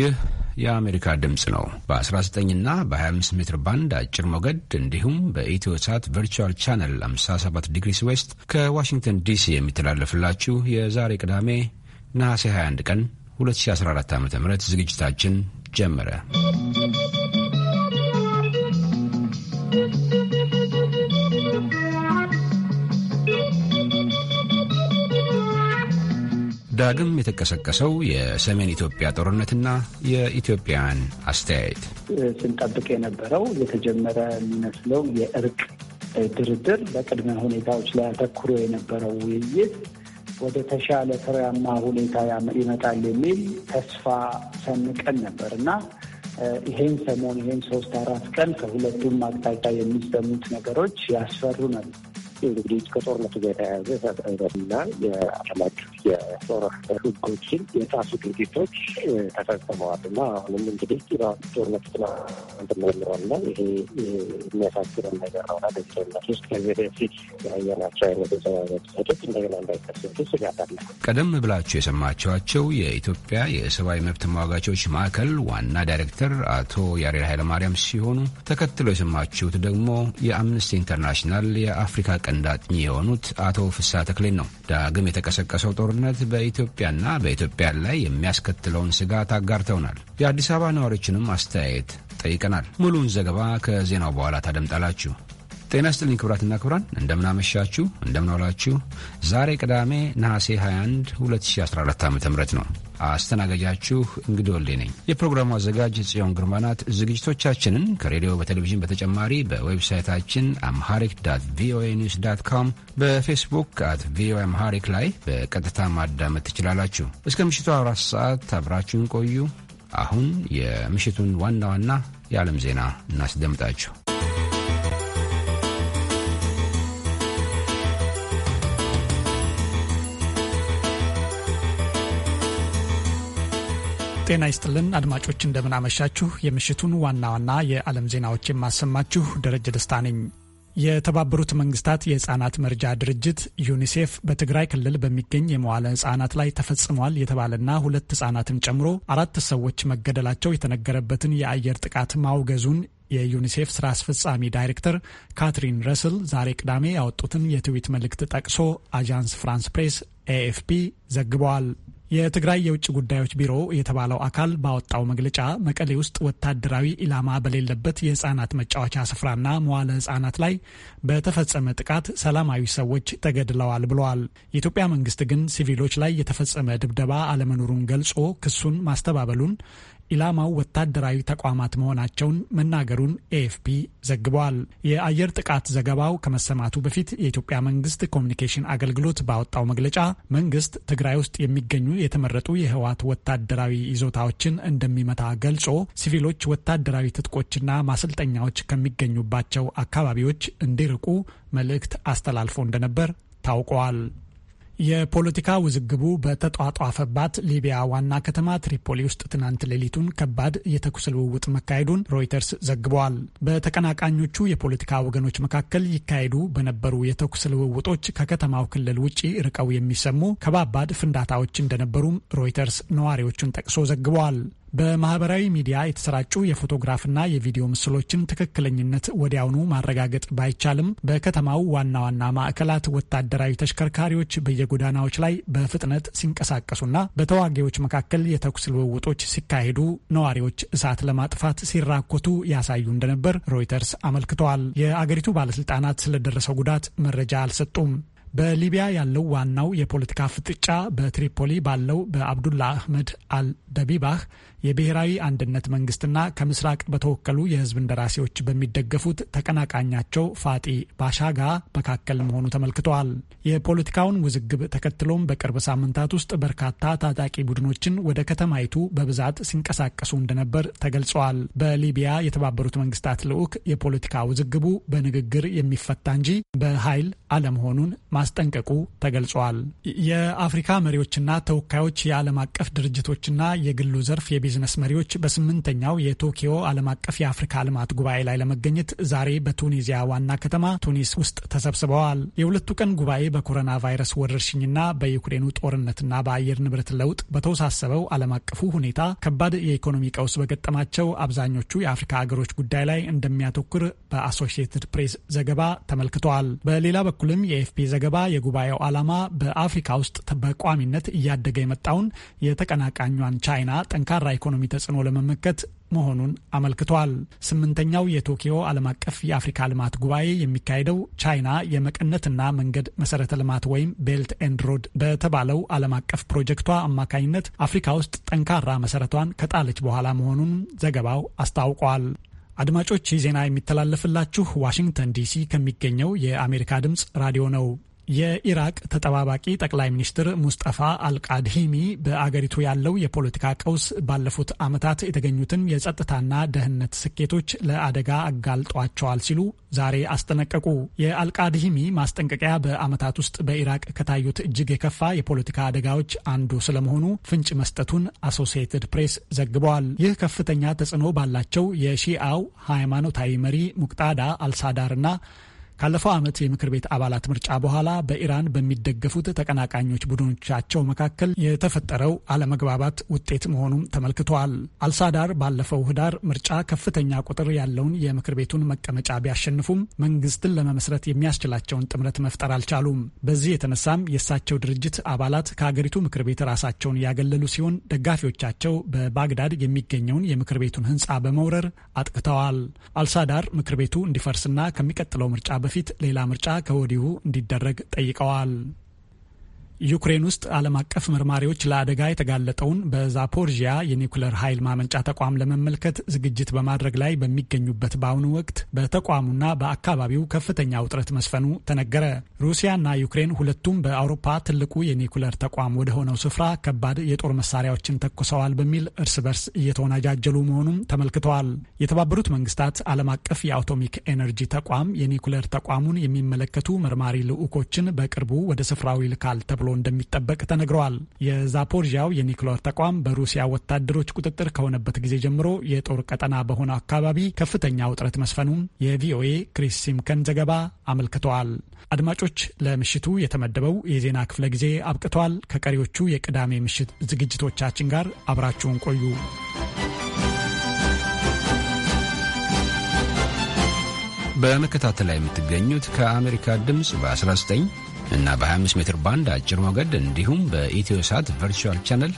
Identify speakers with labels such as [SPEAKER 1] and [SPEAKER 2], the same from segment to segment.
[SPEAKER 1] ይህ የአሜሪካ ድምፅ ነው። በ19 እና በ25 ሜትር ባንድ አጭር ሞገድ እንዲሁም በኢትዮ ሳት ቨርቹዋል ቻነል 57 ዲግሪስ ዌስት ከዋሽንግተን ዲሲ የሚተላለፍላችሁ የዛሬ ቅዳሜ ነሐሴ 21 ቀን 2014 ዓ ም ዝግጅታችን ጀመረ። ዳግም የተቀሰቀሰው የሰሜን ኢትዮጵያ ጦርነትና የኢትዮጵያን አስተያየት
[SPEAKER 2] ስንጠብቅ የነበረው የተጀመረ የሚመስለው የእርቅ ድርድር በቅድመ ሁኔታዎች ላይ አተኩሮ የነበረው ውይይት ወደ ተሻለ ፍሬያማ ሁኔታ ይመጣል የሚል ተስፋ ሰንቀን ነበር እና ይሄን ሰሞን ይሄን ሶስት አራት ቀን ከሁለቱም አቅጣጫ የሚሰሙት ነገሮች ያስፈሩ ነበር።
[SPEAKER 3] እንግዲህ ከጦርነቱ ጋር የተያያዘ እና የዓለም አቀፍ የጦር ህጎችን የጣሱ ድርጊቶች ተፈጽመዋል እና አሁንም እንግዲህ ጦርነቱ ትናንትመለምሯል እና ይሄ የሚያሳስረን ነገር ነው። ና በጦርነት ውስጥ ከዚህ በፊት ያየናቸው አይነት የሰብአዊ ጥሰቶች እንደገና እንዳይከሰቱ ስጋት አለ።
[SPEAKER 1] ቀደም ብላችሁ የሰማችኋቸው የኢትዮጵያ የሰብአዊ መብት ተሟጋቾች ማዕከል ዋና ዳይሬክተር አቶ ያሬድ ኃይለማርያም ሲሆኑ ተከትሎ የሰማችሁት ደግሞ የአምነስቲ ኢንተርናሽናል የአፍሪካ ቀንድ አጥኚ የሆኑት አቶ ፍሳ ተክሌን ነው። ዳግም የተቀሰቀሰው ጦርነት በኢትዮጵያና በኢትዮጵያ ላይ የሚያስከትለውን ስጋት አጋርተውናል። የአዲስ አበባ ነዋሪዎችንም አስተያየት ጠይቀናል። ሙሉውን ዘገባ ከዜናው በኋላ ታደምጣላችሁ። ጤና ስጥልኝ ክብራትና ክብራን፣ እንደምናመሻችሁ፣ እንደምናውላችሁ። ዛሬ ቅዳሜ ነሐሴ 21 2014 ዓ ም ነው አስተናጋጃችሁ እንግዲ ወልዴ ነኝ። የፕሮግራሙ አዘጋጅ ጽዮን ግርማ ናት። ዝግጅቶቻችንን ከሬዲዮ በቴሌቪዥን በተጨማሪ በዌብሳይታችን አምሃሪክ ዳት ቪኦኤ ኒውስ ዳት ካም፣ በፌስቡክ አት ቪኦኤ አምሃሪክ ላይ በቀጥታ ማዳመጥ ትችላላችሁ። እስከ ምሽቱ አራት ሰዓት አብራችሁን ቆዩ። አሁን የምሽቱን ዋና ዋና የዓለም ዜና እናስደምጣችሁ።
[SPEAKER 4] ጤና ይስጥልን አድማጮች፣ እንደምናመሻችሁ። የምሽቱን ዋና ዋና የዓለም ዜናዎች የማሰማችሁ ደረጀ ደስታ ነኝ። የተባበሩት መንግስታት የህፃናት መርጃ ድርጅት ዩኒሴፍ በትግራይ ክልል በሚገኝ የመዋለ ህፃናት ላይ ተፈጽሟል የተባለና ሁለት ህጻናትን ጨምሮ አራት ሰዎች መገደላቸው የተነገረበትን የአየር ጥቃት ማውገዙን የዩኒሴፍ ስራ አስፈጻሚ ዳይሬክተር ካትሪን ረስል ዛሬ ቅዳሜ ያወጡትን የትዊት መልእክት ጠቅሶ አጃንስ ፍራንስ ፕሬስ ኤኤፍፒ ዘግበዋል። የትግራይ የውጭ ጉዳዮች ቢሮ የተባለው አካል ባወጣው መግለጫ መቀሌ ውስጥ ወታደራዊ ኢላማ በሌለበት የህፃናት መጫወቻ ስፍራና መዋለ ህጻናት ላይ በተፈጸመ ጥቃት ሰላማዊ ሰዎች ተገድለዋል ብለዋል። የኢትዮጵያ መንግስት ግን ሲቪሎች ላይ የተፈጸመ ድብደባ አለመኖሩን ገልጾ ክሱን ማስተባበሉን ኢላማው ወታደራዊ ተቋማት መሆናቸውን መናገሩን ኤኤፍፒ ዘግቧል። የአየር ጥቃት ዘገባው ከመሰማቱ በፊት የኢትዮጵያ መንግስት ኮሚኒኬሽን አገልግሎት ባወጣው መግለጫ መንግስት ትግራይ ውስጥ የሚገኙ የተመረጡ የህወሓት ወታደራዊ ይዞታዎችን እንደሚመታ ገልጾ ሲቪሎች ወታደራዊ ትጥቆችና ማሰልጠኛዎች ከሚገኙባቸው አካባቢዎች እንዲርቁ መልእክት አስተላልፎ እንደነበር ታውቋል። የፖለቲካ ውዝግቡ በተጧጧፈባት ሊቢያ ዋና ከተማ ትሪፖሊ ውስጥ ትናንት ሌሊቱን ከባድ የተኩስ ልውውጥ መካሄዱን ሮይተርስ ዘግበዋል። በተቀናቃኞቹ የፖለቲካ ወገኖች መካከል ይካሄዱ በነበሩ የተኩስ ልውውጦች ከከተማው ክልል ውጪ ርቀው የሚሰሙ ከባባድ ፍንዳታዎች እንደነበሩም ሮይተርስ ነዋሪዎቹን ጠቅሶ ዘግበዋል። በማህበራዊ ሚዲያ የተሰራጩ የፎቶግራፍና የቪዲዮ ምስሎችን ትክክለኝነት ወዲያውኑ ማረጋገጥ ባይቻልም በከተማው ዋና ዋና ማዕከላት ወታደራዊ ተሽከርካሪዎች በየጎዳናዎች ላይ በፍጥነት ሲንቀሳቀሱና በተዋጊዎች መካከል የተኩስ ልውውጦች ሲካሄዱ ነዋሪዎች እሳት ለማጥፋት ሲራኮቱ ያሳዩ እንደነበር ሮይተርስ አመልክተዋል። የአገሪቱ ባለስልጣናት ስለደረሰው ጉዳት መረጃ አልሰጡም። በሊቢያ ያለው ዋናው የፖለቲካ ፍጥጫ በትሪፖሊ ባለው በአብዱላ አህመድ አልደቢባህ የብሔራዊ አንድነት መንግስትና ከምስራቅ በተወከሉ የህዝብ እንደራሴዎች በሚደገፉት ተቀናቃኛቸው ፋጢ ባሻጋ መካከል መሆኑ ተመልክተዋል። የፖለቲካውን ውዝግብ ተከትሎም በቅርብ ሳምንታት ውስጥ በርካታ ታጣቂ ቡድኖችን ወደ ከተማይቱ በብዛት ሲንቀሳቀሱ እንደነበር ተገልጸዋል። በሊቢያ የተባበሩት መንግስታት ልዑክ የፖለቲካ ውዝግቡ በንግግር የሚፈታ እንጂ በኃይል አለመሆኑን ማስጠንቀቁ ተገልጿል። የአፍሪካ መሪዎችና ተወካዮች የዓለም አቀፍ ድርጅቶችና የግሉ ዘርፍ የቤ ቢዝነስ መሪዎች በስምንተኛው የቶኪዮ ዓለም አቀፍ የአፍሪካ ልማት ጉባኤ ላይ ለመገኘት ዛሬ በቱኒዚያ ዋና ከተማ ቱኒስ ውስጥ ተሰብስበዋል። የሁለቱ ቀን ጉባኤ በኮሮና ቫይረስ ወረርሽኝና በዩክሬኑ ጦርነትና በአየር ንብረት ለውጥ በተወሳሰበው ዓለም አቀፉ ሁኔታ ከባድ የኢኮኖሚ ቀውስ በገጠማቸው አብዛኞቹ የአፍሪካ አገሮች ጉዳይ ላይ እንደሚያተኩር በአሶሺየትድ ፕሬስ ዘገባ ተመልክተዋል። በሌላ በኩልም የኤፍፒ ዘገባ የጉባኤው ዓላማ በአፍሪካ ውስጥ በቋሚነት እያደገ የመጣውን የተቀናቃኟን ቻይና ጠንካራ የኢኮኖሚ ተጽዕኖ ለመመከት መሆኑን አመልክቷል። ስምንተኛው የቶኪዮ ዓለም አቀፍ የአፍሪካ ልማት ጉባኤ የሚካሄደው ቻይና የመቀነትና መንገድ መሰረተ ልማት ወይም ቤልት ኤንድ ሮድ በተባለው ዓለም አቀፍ ፕሮጀክቷ አማካኝነት አፍሪካ ውስጥ ጠንካራ መሰረቷን ከጣለች በኋላ መሆኑን ዘገባው አስታውቋል። አድማጮች ይህ ዜና የሚተላለፍላችሁ ዋሽንግተን ዲሲ ከሚገኘው የአሜሪካ ድምፅ ራዲዮ ነው። የኢራቅ ተጠባባቂ ጠቅላይ ሚኒስትር ሙስጠፋ አልቃድሂሚ በአገሪቱ ያለው የፖለቲካ ቀውስ ባለፉት ዓመታት የተገኙትን የጸጥታና ደህንነት ስኬቶች ለአደጋ አጋልጧቸዋል ሲሉ ዛሬ አስጠነቀቁ። የአልቃድሂሚ ማስጠንቀቂያ በዓመታት ውስጥ በኢራቅ ከታዩት እጅግ የከፋ የፖለቲካ አደጋዎች አንዱ ስለመሆኑ ፍንጭ መስጠቱን አሶሲየትድ ፕሬስ ዘግበዋል። ይህ ከፍተኛ ተጽዕኖ ባላቸው የሺአው ሃይማኖታዊ መሪ ሙቅጣዳ አልሳዳርና ካለፈው ዓመት የምክር ቤት አባላት ምርጫ በኋላ በኢራን በሚደገፉት ተቀናቃኞች ቡድኖቻቸው መካከል የተፈጠረው አለመግባባት ውጤት መሆኑም ተመልክተዋል። አልሳዳር ባለፈው ህዳር ምርጫ ከፍተኛ ቁጥር ያለውን የምክር ቤቱን መቀመጫ ቢያሸንፉም መንግስትን ለመመስረት የሚያስችላቸውን ጥምረት መፍጠር አልቻሉም። በዚህ የተነሳም የእሳቸው ድርጅት አባላት ከሀገሪቱ ምክር ቤት ራሳቸውን ያገለሉ ሲሆን ደጋፊዎቻቸው በባግዳድ የሚገኘውን የምክር ቤቱን ህንፃ በመውረር አጥቅተዋል። አልሳዳር ምክር ቤቱ እንዲፈርስና ከሚቀጥለው ምርጫ በፊት ሌላ ምርጫ ከወዲሁ እንዲደረግ ጠይቀዋል። ዩክሬን ውስጥ ዓለም አቀፍ መርማሪዎች ለአደጋ የተጋለጠውን በዛፖርዥያ የኒውክለር ኃይል ማመንጫ ተቋም ለመመልከት ዝግጅት በማድረግ ላይ በሚገኙበት በአሁኑ ወቅት በተቋሙና በአካባቢው ከፍተኛ ውጥረት መስፈኑ ተነገረ። ሩሲያና ዩክሬን ሁለቱም በአውሮፓ ትልቁ የኒውክለር ተቋም ወደሆነው ስፍራ ከባድ የጦር መሳሪያዎችን ተኩሰዋል በሚል እርስ በርስ እየተወናጃጀሉ መሆኑም ተመልክተዋል። የተባበሩት መንግስታት ዓለም አቀፍ የአቶሚክ ኤነርጂ ተቋም የኒውክለር ተቋሙን የሚመለከቱ መርማሪ ልዑኮችን በቅርቡ ወደ ስፍራው ይልካል ተብሎ እንደሚጠበቅ ተነግረዋል። የዛፖርዣው የኒክሎር ተቋም በሩሲያ ወታደሮች ቁጥጥር ከሆነበት ጊዜ ጀምሮ የጦር ቀጠና በሆነ አካባቢ ከፍተኛ ውጥረት መስፈኑን የቪኦኤ ክሪስ ሲምከን ዘገባ አመልክተዋል። አድማጮች፣ ለምሽቱ የተመደበው የዜና ክፍለ ጊዜ አብቅተዋል። ከቀሪዎቹ የቅዳሜ ምሽት ዝግጅቶቻችን ጋር አብራችሁን ቆዩ።
[SPEAKER 1] በመከታተል ላይ የምትገኙት ከአሜሪካ ድምፅ በ19 እና በ25 ሜትር ባንድ አጭር ሞገድ እንዲሁም በኢትዮሳት ቨርቹዋል ቻነል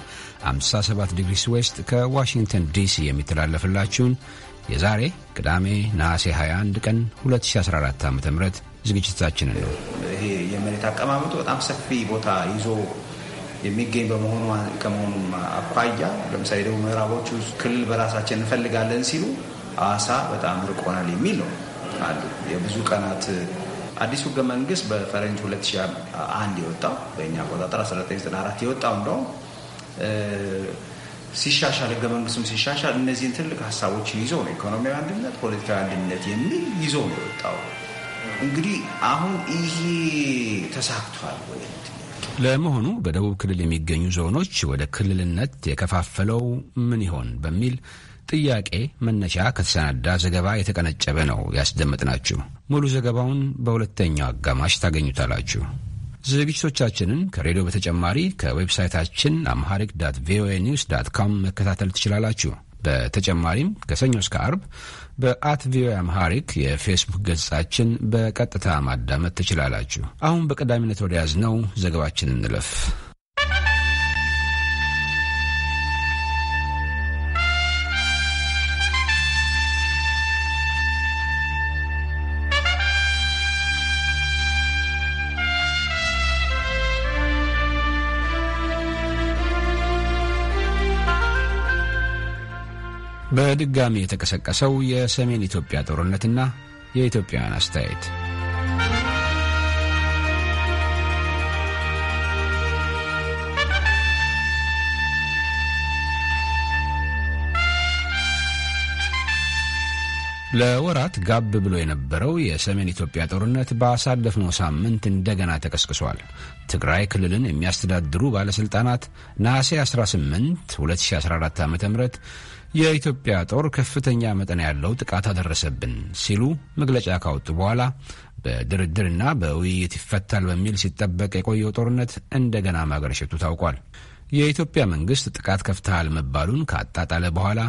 [SPEAKER 1] 57 ዲግሪስ ዌስት ከዋሽንግተን ዲሲ የሚተላለፍላችሁን የዛሬ ቅዳሜ ነሐሴ 21 ቀን 2014 ዓ ም ዝግጅታችንን ነው።
[SPEAKER 5] ይሄ የመሬት አቀማመጡ በጣም ሰፊ ቦታ ይዞ የሚገኝ በመሆኑ ከመሆኑም አኳያ ለምሳሌ ምዕራቦች ውስጥ ክልል በራሳችን እንፈልጋለን ሲሉ አዋሳ በጣም ርቆናል የሚል ነው አሉ የብዙ ቀናት አዲሱ ህገ መንግስት በፈረንጅ 2001 የወጣው በእኛ አቆጣጠር 1994 የወጣው እንደው ሲሻሻል ህገ መንግስቱም ሲሻሻል እነዚህን ትልቅ ሀሳቦችን ይዞ ነው ኢኮኖሚያዊ አንድነት፣ ፖለቲካዊ አንድነት የሚል ይዞ ነው የወጣው። እንግዲህ አሁን ይሄ ተሳክቷል ወይ?
[SPEAKER 1] ለመሆኑ በደቡብ ክልል የሚገኙ ዞኖች ወደ ክልልነት የከፋፈለው ምን ይሆን በሚል ጥያቄ መነሻ ከተሰናዳ ዘገባ የተቀነጨበ ነው ያስደመጥናችሁ። ሙሉ ዘገባውን በሁለተኛው አጋማሽ ታገኙታላችሁ። ዝግጅቶቻችንን ከሬዲዮ በተጨማሪ ከዌብሳይታችን አምሃሪክ ዳት ቪኦኤ ኒውስ ዳት ካም መከታተል ትችላላችሁ። በተጨማሪም ከሰኞ እስከ አርብ በአት ቪኦኤ አምሃሪክ የፌስቡክ ገጻችን በቀጥታ ማዳመጥ ትችላላችሁ። አሁን በቀዳሚነት ወደ ያዝነው ዘገባችን እንለፍ። በድጋሚ የተቀሰቀሰው የሰሜን ኢትዮጵያ ጦርነትና የኢትዮጵያውያን አስተያየት ለወራት ጋብ ብሎ የነበረው የሰሜን ኢትዮጵያ ጦርነት ባሳለፍነው ሳምንት እንደገና ተቀስቅሷል። ትግራይ ክልልን የሚያስተዳድሩ ባለሥልጣናት ነሐሴ 18 2014 ዓ ም የኢትዮጵያ ጦር ከፍተኛ መጠን ያለው ጥቃት አደረሰብን ሲሉ መግለጫ ካወጡ በኋላ በድርድርና በውይይት ይፈታል በሚል ሲጠበቅ የቆየው ጦርነት እንደገና ማገረሸቱ ታውቋል። የኢትዮጵያ መንግስት ጥቃት ከፍተሃል መባሉን ካጣጣለ በኋላ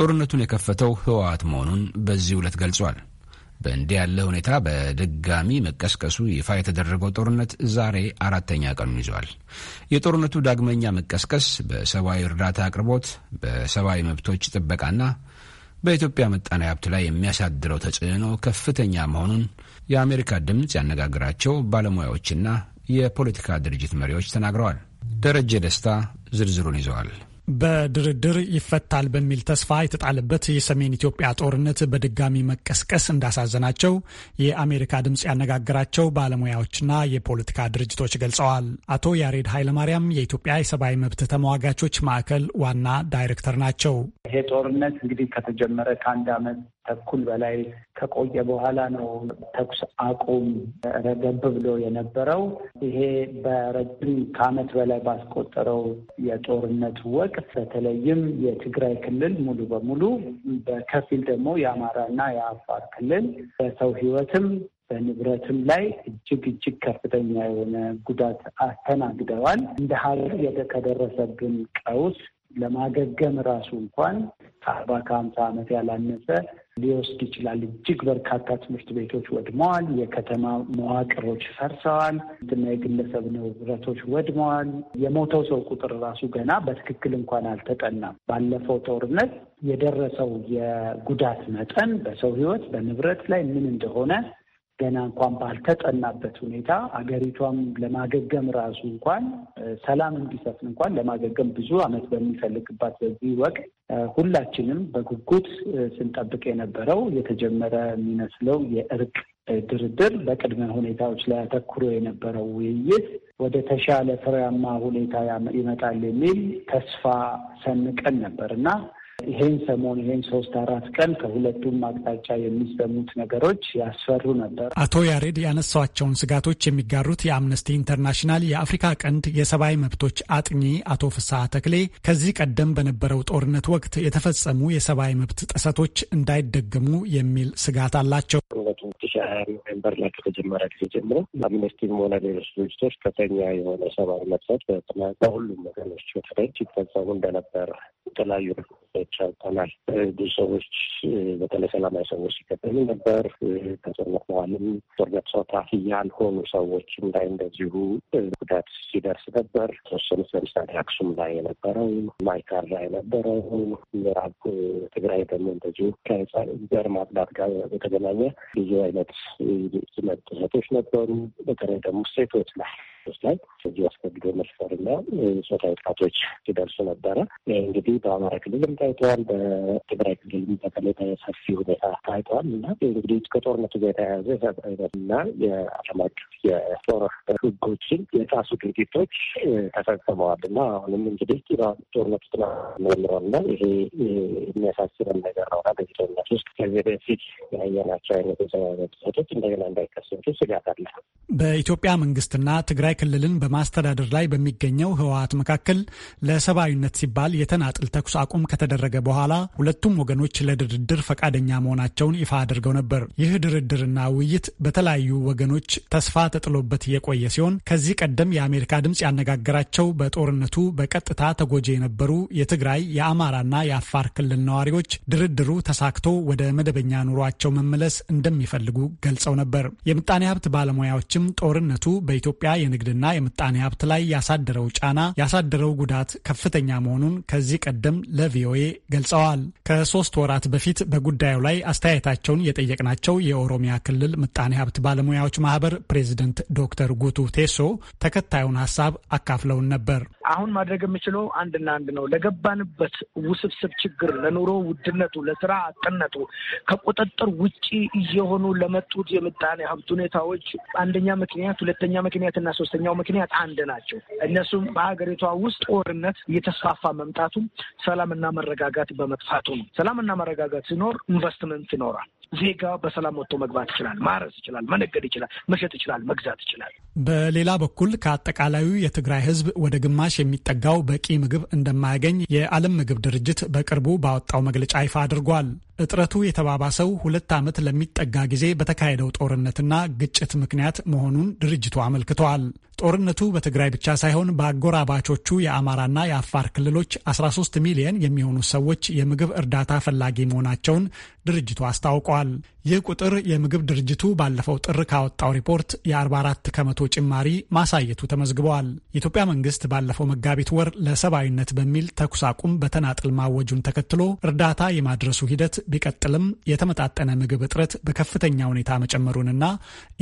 [SPEAKER 1] ጦርነቱን የከፈተው ህወሓት መሆኑን በዚህ ዕለት ገልጿል። በእንዲህ ያለ ሁኔታ በድጋሚ መቀስቀሱ ይፋ የተደረገው ጦርነት ዛሬ አራተኛ ቀኑን ይዟል። የጦርነቱ ዳግመኛ መቀስቀስ በሰብአዊ እርዳታ አቅርቦት፣ በሰብአዊ መብቶች ጥበቃና በኢትዮጵያ ምጣኔ ሀብት ላይ የሚያሳድረው ተጽዕኖ ከፍተኛ መሆኑን የአሜሪካ ድምፅ ያነጋግራቸው ባለሙያዎችና የፖለቲካ ድርጅት መሪዎች ተናግረዋል። ደረጀ ደስታ ዝርዝሩን ይዘዋል።
[SPEAKER 4] በድርድር ይፈታል በሚል ተስፋ የተጣለበት የሰሜን ኢትዮጵያ ጦርነት በድጋሚ መቀስቀስ እንዳሳዘናቸው የአሜሪካ ድምፅ ያነጋገራቸው ባለሙያዎችና የፖለቲካ ድርጅቶች ገልጸዋል። አቶ ያሬድ ኃይለማርያም የኢትዮጵያ የሰብአዊ መብት ተሟጋቾች ማዕከል ዋና ዳይሬክተር ናቸው።
[SPEAKER 2] ይሄ ጦርነት እንግዲህ ከተጀመረ ከአንድ ዓመት ተኩል በላይ ከቆየ በኋላ ነው ተኩስ አቁም ረገብ ብሎ የነበረው። ይሄ በረጅም ከዓመት በላይ ባስቆጠረው የጦርነት ወቅት በተለይም የትግራይ ክልል ሙሉ በሙሉ በከፊል ደግሞ የአማራና የአፋር ክልል በሰው ሕይወትም በንብረትም ላይ እጅግ እጅግ ከፍተኛ የሆነ ጉዳት አስተናግደዋል። እንደ ሀገር ከደረሰብን ቀውስ ለማገገም ራሱ እንኳን ከአርባ ከሀምሳ ዓመት ያላነሰ ሊወስድ ይችላል። እጅግ በርካታ ትምህርት ቤቶች ወድመዋል። የከተማ መዋቅሮች ፈርሰዋል እና የግለሰብ ንብረቶች ወድመዋል። የሞተው ሰው ቁጥር ራሱ ገና በትክክል እንኳን አልተጠናም። ባለፈው ጦርነት የደረሰው የጉዳት መጠን በሰው ሕይወት በንብረት ላይ ምን እንደሆነ ገና እንኳን ባልተጠናበት ሁኔታ አገሪቷም ለማገገም ራሱ እንኳን ሰላም እንዲሰፍን እንኳን ለማገገም ብዙ ዓመት በሚፈልግባት በዚህ ወቅት ሁላችንም በጉጉት ስንጠብቅ የነበረው የተጀመረ የሚመስለው የእርቅ ድርድር በቅድመ ሁኔታዎች ላይ አተኩሮ የነበረው ውይይት ወደ ተሻለ ፍሬያማ ሁኔታ ይመጣል የሚል ተስፋ ሰንቀን ነበር እና ይሄን ሰሞን ይሄን ሶስት አራት ቀን ከሁለቱም አቅጣጫ የሚሰሙት ነገሮች ያስፈሩ ነበር። አቶ
[SPEAKER 4] ያሬድ ያነሷቸውን ስጋቶች የሚጋሩት የአምነስቲ ኢንተርናሽናል የአፍሪካ ቀንድ የሰብአዊ መብቶች አጥኚ አቶ ፍስሐ ተክሌ ከዚህ ቀደም በነበረው ጦርነት ወቅት የተፈጸሙ የሰብአዊ መብት ጥሰቶች እንዳይደገሙ የሚል ስጋት አላቸው።
[SPEAKER 3] ጦርነቱ ኖቬምበር ላይ ከተጀመረ ጊዜ ጀምሮ አምነስቲም ሆነ ሌሎች ድርጅቶች ከፍተኛ የሆነ ሰብአዊ መብቶች በሁሉም ወገኖች በተለይ ሲፈጸሙ እንደነበር የተለያዩ ሰዎች አውቀናል። ብዙ ሰዎች በተለይ ሰላማዊ ሰዎች ሲገደሉ ነበር። ከጦርነት በኋላም ጦርነት ሰውታ ያልሆኑ ሰዎችም ላይ እንደዚሁ ጉዳት ሲደርስ ነበር። ተወሰኑት ለምሳሌ አክሱም ላይ የነበረው፣ ማይካር ላይ የነበረው፣ ምዕራብ ትግራይ ደግሞ እንደዚሁ ከዘር ማጥዳት ጋር በተገናኘ ብዙ አይነት ጥሰቶች ነበሩ። በተለይ ደግሞ ሴቶች ላይ ጥቃቶች ላይ እጅ አስገድዶ መድፈርና ጾታዊ ጥቃቶች ሲደርሱ ነበረ። እንግዲህ በአማራ ክልልም ታይተዋል፣ በትግራይ ክልልም በተለይ በሰፊ ሁኔታ ታይተዋል እና እንግዲህ ከጦርነቱ ጋር የተያያዘ እና የዓለም አቀፍ የጦር ሕጎችን የጣሱ ድርጊቶች ተፈጽመዋል እና አሁንም እንግዲህ ጦርነቱ ትናምረና ይሄ የሚያሳስበን ነገር ነው። በዚህ ጦርነት ውስጥ ከዚህ በፊት ያየናቸው አይነት የሰብአዊ መብት ጥሰቶች እንደገና እንዳይከሰቱ ስጋት አለ።
[SPEAKER 4] በኢትዮጵያ መንግስትና ትግራይ ክልልን በማስተዳደር ላይ በሚገኘው ህወሀት መካከል ለሰብአዊነት ሲባል የተናጥል ተኩስ አቁም ከተደረገ በኋላ ሁለቱም ወገኖች ለድርድር ፈቃደኛ መሆናቸውን ይፋ አድርገው ነበር። ይህ ድርድርና ውይይት በተለያዩ ወገኖች ተስፋ ተጥሎበት የቆየ ሲሆን ከዚህ ቀደም የአሜሪካ ድምፅ ያነጋገራቸው በጦርነቱ በቀጥታ ተጎጂ የነበሩ የትግራይ የአማራና የአፋር ክልል ነዋሪዎች ድርድሩ ተሳክቶ ወደ መደበኛ ኑሯቸው መመለስ እንደሚፈልጉ ገልጸው ነበር። የምጣኔ ሀብት ባለሙያዎችም ጦርነቱ በኢትዮጵያ የንግድ ንግድና የምጣኔ ሀብት ላይ ያሳደረው ጫና ያሳደረው ጉዳት ከፍተኛ መሆኑን ከዚህ ቀደም ለቪኦኤ ገልጸዋል። ከሶስት ወራት በፊት በጉዳዩ ላይ አስተያየታቸውን የጠየቅናቸው የኦሮሚያ ክልል ምጣኔ ሀብት ባለሙያዎች ማህበር ፕሬዚደንት ዶክተር ጉቱ ቴሶ ተከታዩን ሀሳብ አካፍለውን ነበር።
[SPEAKER 2] አሁን ማድረግ የምችለው አንድና አንድ ነው። ለገባንበት ውስብስብ ችግር፣ ለኑሮ ውድነቱ፣ ለስራ አጥነቱ፣ ከቁጥጥር ውጪ እየሆኑ ለመጡት የምጣኔ ሀብት ሁኔታዎች አንደኛ ምክንያት፣ ሁለተኛ ምክንያት እና ሶስተኛው ምክንያት አንድ ናቸው። እነሱም በሀገሪቷ ውስጥ ጦርነት እየተስፋፋ መምጣቱም ሰላምና መረጋጋት በመጥፋቱ ነው። ሰላምና መረጋጋት ሲኖር ኢንቨስትመንት ይኖራል። ዜጋ በሰላም ወጥቶ መግባት ይችላል፣ ማረስ ይችላል፣ መነገድ ይችላል፣ መሸጥ ይችላል፣ መግዛት ይችላል።
[SPEAKER 4] በሌላ በኩል ከአጠቃላዩ የትግራይ ሕዝብ ወደ ግማሽ የሚጠጋው በቂ ምግብ እንደማያገኝ የዓለም ምግብ ድርጅት በቅርቡ ባወጣው መግለጫ ይፋ አድርጓል። እጥረቱ የተባባሰው ሁለት ዓመት ለሚጠጋ ጊዜ በተካሄደው ጦርነትና ግጭት ምክንያት መሆኑን ድርጅቱ አመልክተዋል። ጦርነቱ በትግራይ ብቻ ሳይሆን በአጎራባቾቹ የአማራና የአፋር ክልሎች 13 ሚሊየን የሚሆኑ ሰዎች የምግብ እርዳታ ፈላጊ መሆናቸውን ድርጅቱ አስታውቋል። ይህ ቁጥር የምግብ ድርጅቱ ባለፈው ጥር ካወጣው ሪፖርት የ44 ከመቶ ጭማሪ ማሳየቱ ተመዝግበዋል። የኢትዮጵያ መንግስት ባለፈው መጋቢት ወር ለሰብአዊነት በሚል ተኩስ አቁም በተናጥል ማወጁን ተከትሎ እርዳታ የማድረሱ ሂደት ቢቀጥልም የተመጣጠነ ምግብ እጥረት በከፍተኛ ሁኔታ መጨመሩንና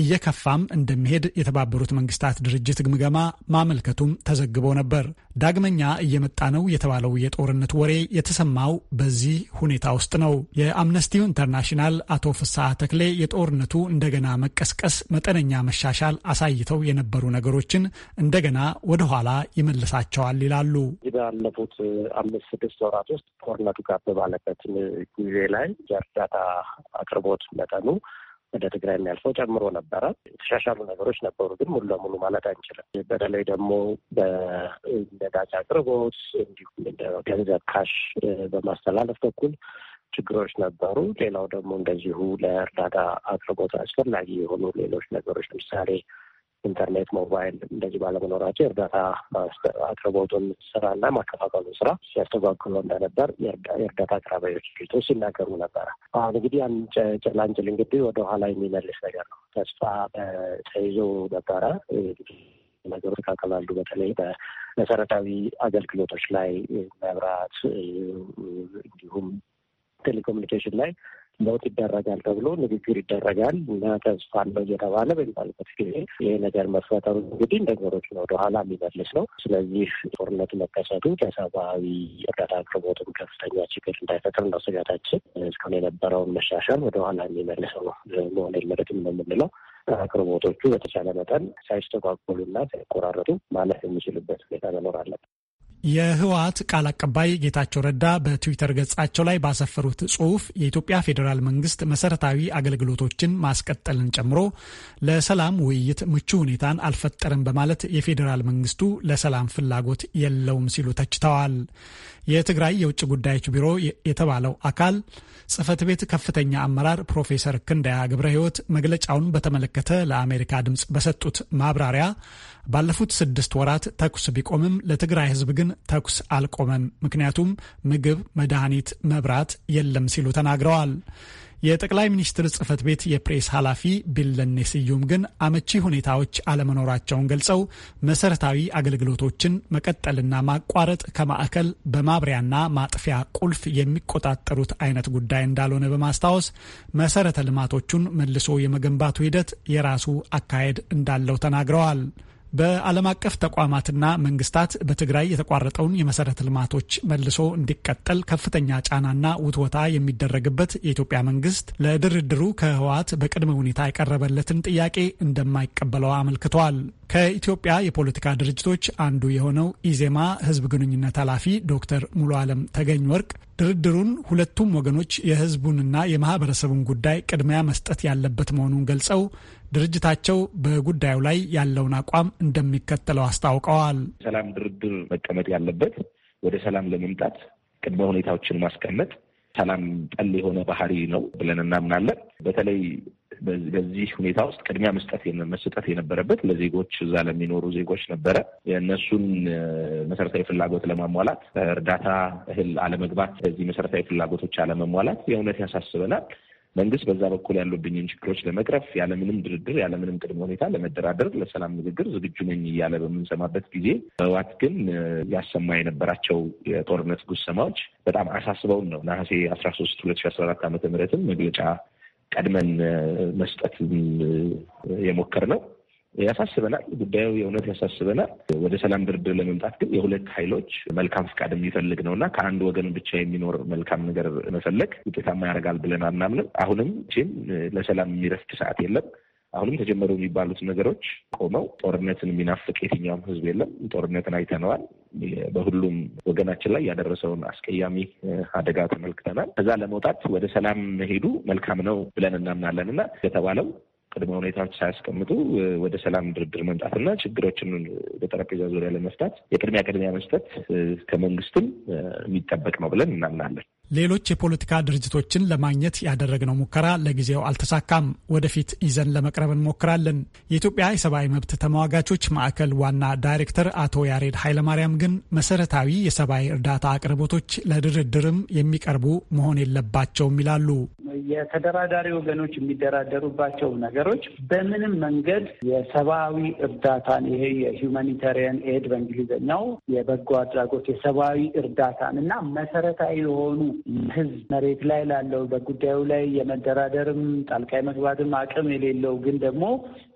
[SPEAKER 4] እየከፋም እንደሚሄድ የተባበሩት መንግስታት ድርጅት ግምገማ ማመልከቱም ተዘግቦ ነበር። ዳግመኛ እየመጣ ነው የተባለው የጦርነት ወሬ የተሰማው በዚህ ሁኔታ ውስጥ ነው። የአምነስቲው ኢንተርናሽናል አቶ ፍስ ፍስሐ ተክሌ የጦርነቱ እንደገና መቀስቀስ መጠነኛ መሻሻል አሳይተው የነበሩ ነገሮችን እንደገና ወደኋላ ይመልሳቸዋል ይላሉ።
[SPEAKER 3] ባለፉት አምስት ስድስት ወራት ውስጥ ጦርነቱ ጋር ባለበት ጊዜ ላይ የእርዳታ አቅርቦት መጠኑ ወደ ትግራይ የሚያልፈው ጨምሮ ነበረ። የተሻሻሉ ነገሮች ነበሩ፣ ግን ሙሉ ለሙሉ ማለት አንችልም። በተለይ ደግሞ በነዳጅ አቅርቦት እንዲሁም ገንዘብ ካሽ በማስተላለፍ በኩል ችግሮች ነበሩ። ሌላው ደግሞ እንደዚሁ ለእርዳታ አቅርቦት አስፈላጊ የሆኑ ሌሎች ነገሮች ለምሳሌ ኢንተርኔት፣ ሞባይል እንደዚህ ባለመኖራቸው የእርዳታ አቅርቦቱን ስራና ማከፋፈሉን ስራ ሲያስተጓጉሎ እንደነበር የእርዳታ አቅራቢዎች ድርጅቶች ሲናገሩ ነበረ። አሁን እንግዲህ ያን ጭላንጭል እንግዲህ ወደኋላ የሚመልስ ነገር ነው። ተስፋ ተይዞ ነበረ ነገሮች ካከላሉ በተለይ በመሰረታዊ አገልግሎቶች ላይ መብራት እንዲሁም ቴሌኮሙኒኬሽን ላይ ለውጥ ይደረጋል ተብሎ ንግግር ይደረጋል እና ተስፋ አለው እየተባለ በሚባልበት ጊዜ ይሄ ነገር መፈጠሩ እንግዲህ ነገሮች ነው ወደኋላ የሚመልስ ነው። ስለዚህ ጦርነት መከሰቱ ከሰብአዊ እርዳታ አቅርቦትም ከፍተኛ ችግር እንዳይፈጥር ነው ስጋታችን። እስካሁን የነበረውን መሻሻል ወደኋላ የሚመልሰው ነው መሆን የለበትም ነው የምንለው። አቅርቦቶቹ በተቻለ መጠን ሳይስተጓጎሉና ሳይቆራረጡ ማለፍ የሚችልበት ሁኔታ መኖር አለበት።
[SPEAKER 4] የህወሀት ቃል አቀባይ ጌታቸው ረዳ በትዊተር ገጻቸው ላይ ባሰፈሩት ጽሁፍ የኢትዮጵያ ፌዴራል መንግስት መሰረታዊ አገልግሎቶችን ማስቀጠልን ጨምሮ ለሰላም ውይይት ምቹ ሁኔታን አልፈጠርም በማለት የፌዴራል መንግስቱ ለሰላም ፍላጎት የለውም ሲሉ ተችተዋል። የትግራይ የውጭ ጉዳዮች ቢሮ የተባለው አካል ጽህፈት ቤት ከፍተኛ አመራር ፕሮፌሰር ክንዳያ ግብረ ህይወት መግለጫውን በተመለከተ ለአሜሪካ ድምፅ በሰጡት ማብራሪያ ባለፉት ስድስት ወራት ተኩስ ቢቆምም ለትግራይ ህዝብ ግን ተኩስ አልቆመም፣ ምክንያቱም ምግብ፣ መድኃኒት፣ መብራት የለም ሲሉ ተናግረዋል። የጠቅላይ ሚኒስትር ጽህፈት ቤት የፕሬስ ኃላፊ ቢለኔ ስዩም ግን አመቺ ሁኔታዎች አለመኖራቸውን ገልጸው መሰረታዊ አገልግሎቶችን መቀጠልና ማቋረጥ ከማዕከል በማብሪያና ማጥፊያ ቁልፍ የሚቆጣጠሩት አይነት ጉዳይ እንዳልሆነ በማስታወስ መሰረተ ልማቶቹን መልሶ የመገንባቱ ሂደት የራሱ አካሄድ እንዳለው ተናግረዋል። በዓለም አቀፍ ተቋማትና መንግስታት በትግራይ የተቋረጠውን የመሰረተ ልማቶች መልሶ እንዲቀጠል ከፍተኛ ጫናና ውትወታ የሚደረግበት የኢትዮጵያ መንግስት ለድርድሩ ከህወሓት በቅድመ ሁኔታ የቀረበለትን ጥያቄ እንደማይቀበለው አመልክተዋል። ከኢትዮጵያ የፖለቲካ ድርጅቶች አንዱ የሆነው ኢዜማ ህዝብ ግንኙነት ኃላፊ ዶክተር ሙሉ አለም ተገኝ ወርቅ ድርድሩን ሁለቱም ወገኖች የህዝቡንና የማህበረሰቡን ጉዳይ ቅድሚያ መስጠት ያለበት መሆኑን ገልጸው ድርጅታቸው በጉዳዩ ላይ ያለውን አቋም እንደሚከተለው አስታውቀዋል።
[SPEAKER 6] ሰላም ድርድር መቀመጥ ያለበት ወደ ሰላም ለመምጣት ቅድመ ሁኔታዎችን ማስቀመጥ ሰላም ጠል የሆነ ባህሪ ነው ብለን እናምናለን። በተለይ በዚህ ሁኔታ ውስጥ ቅድሚያ መስጠት መሰጠት የነበረበት ለዜጎች እዛ ለሚኖሩ ዜጎች ነበረ። የእነሱን መሰረታዊ ፍላጎት ለማሟላት እርዳታ እህል አለመግባት፣ በዚህ መሰረታዊ ፍላጎቶች አለመሟላት የእውነት ያሳስበናል። መንግስት በዛ በኩል ያሉብኝን ችግሮች ለመቅረፍ ያለምንም ድርድር ያለምንም ቅድመ ሁኔታ ለመደራደር ለሰላም ንግግር ዝግጁ ነኝ እያለ በምንሰማበት ጊዜ ህወሓት ግን ያሰማ የነበራቸው የጦርነት ጉሰማዎች በጣም አሳስበውን ነው። ነሐሴ አስራ ሶስት ሁለት ሺ አስራ አራት ዓመተ ምህረትም መግለጫ ቀድመን መስጠት የሞከር ነው ያሳስበናል። ጉዳዩ የእውነት ያሳስበናል። ወደ ሰላም ድርድር ለመምጣት ግን የሁለት ኃይሎች መልካም ፍቃድ የሚፈልግ ነው እና ከአንድ ወገን ብቻ የሚኖር መልካም ነገር መፈለግ ውጤታማ ያደርጋል ብለን አናምንም። አሁንም ም ለሰላም የሚረፍድ ሰዓት የለም። አሁንም ተጀመሩ የሚባሉት ነገሮች ቆመው ጦርነትን የሚናፍቅ የትኛውም ሕዝብ የለም። ጦርነትን አይተነዋል። በሁሉም ወገናችን ላይ ያደረሰውን አስቀያሚ አደጋ ተመልክተናል። ከዛ ለመውጣት ወደ ሰላም መሄዱ መልካም ነው ብለን እናምናለን እና የተባለው ቅድመ ሁኔታዎች ሳያስቀምጡ ወደ ሰላም ድርድር መምጣትና ችግሮችን በጠረጴዛ ዙሪያ ለመፍታት የቅድሚያ ቅድሚያ መስጠት ከመንግስትም የሚጠበቅ ነው ብለን
[SPEAKER 4] እናምናለን። ሌሎች የፖለቲካ ድርጅቶችን ለማግኘት ያደረግነው ሙከራ ለጊዜው አልተሳካም። ወደፊት ይዘን ለመቅረብ እንሞክራለን። የኢትዮጵያ የሰብአዊ መብት ተሟጋቾች ማዕከል ዋና ዳይሬክተር አቶ ያሬድ ኃይለማርያም ግን መሰረታዊ የሰብአዊ እርዳታ አቅርቦቶች ለድርድርም የሚቀርቡ መሆን የለባቸውም ይላሉ።
[SPEAKER 2] የተደራዳሪ ወገኖች የሚደራደሩባቸው ነገሮች በምንም መንገድ የሰብአዊ እርዳታን ይሄ የሁማኒታሪያን ኤድ በእንግሊዝኛው የበጎ አድራጎት የሰብአዊ እርዳታን እና መሰረታዊ የሆኑ ህዝብ መሬት ላይ ላለው በጉዳዩ ላይ የመደራደርም ጣልቃ የመግባትም አቅም የሌለው ግን ደግሞ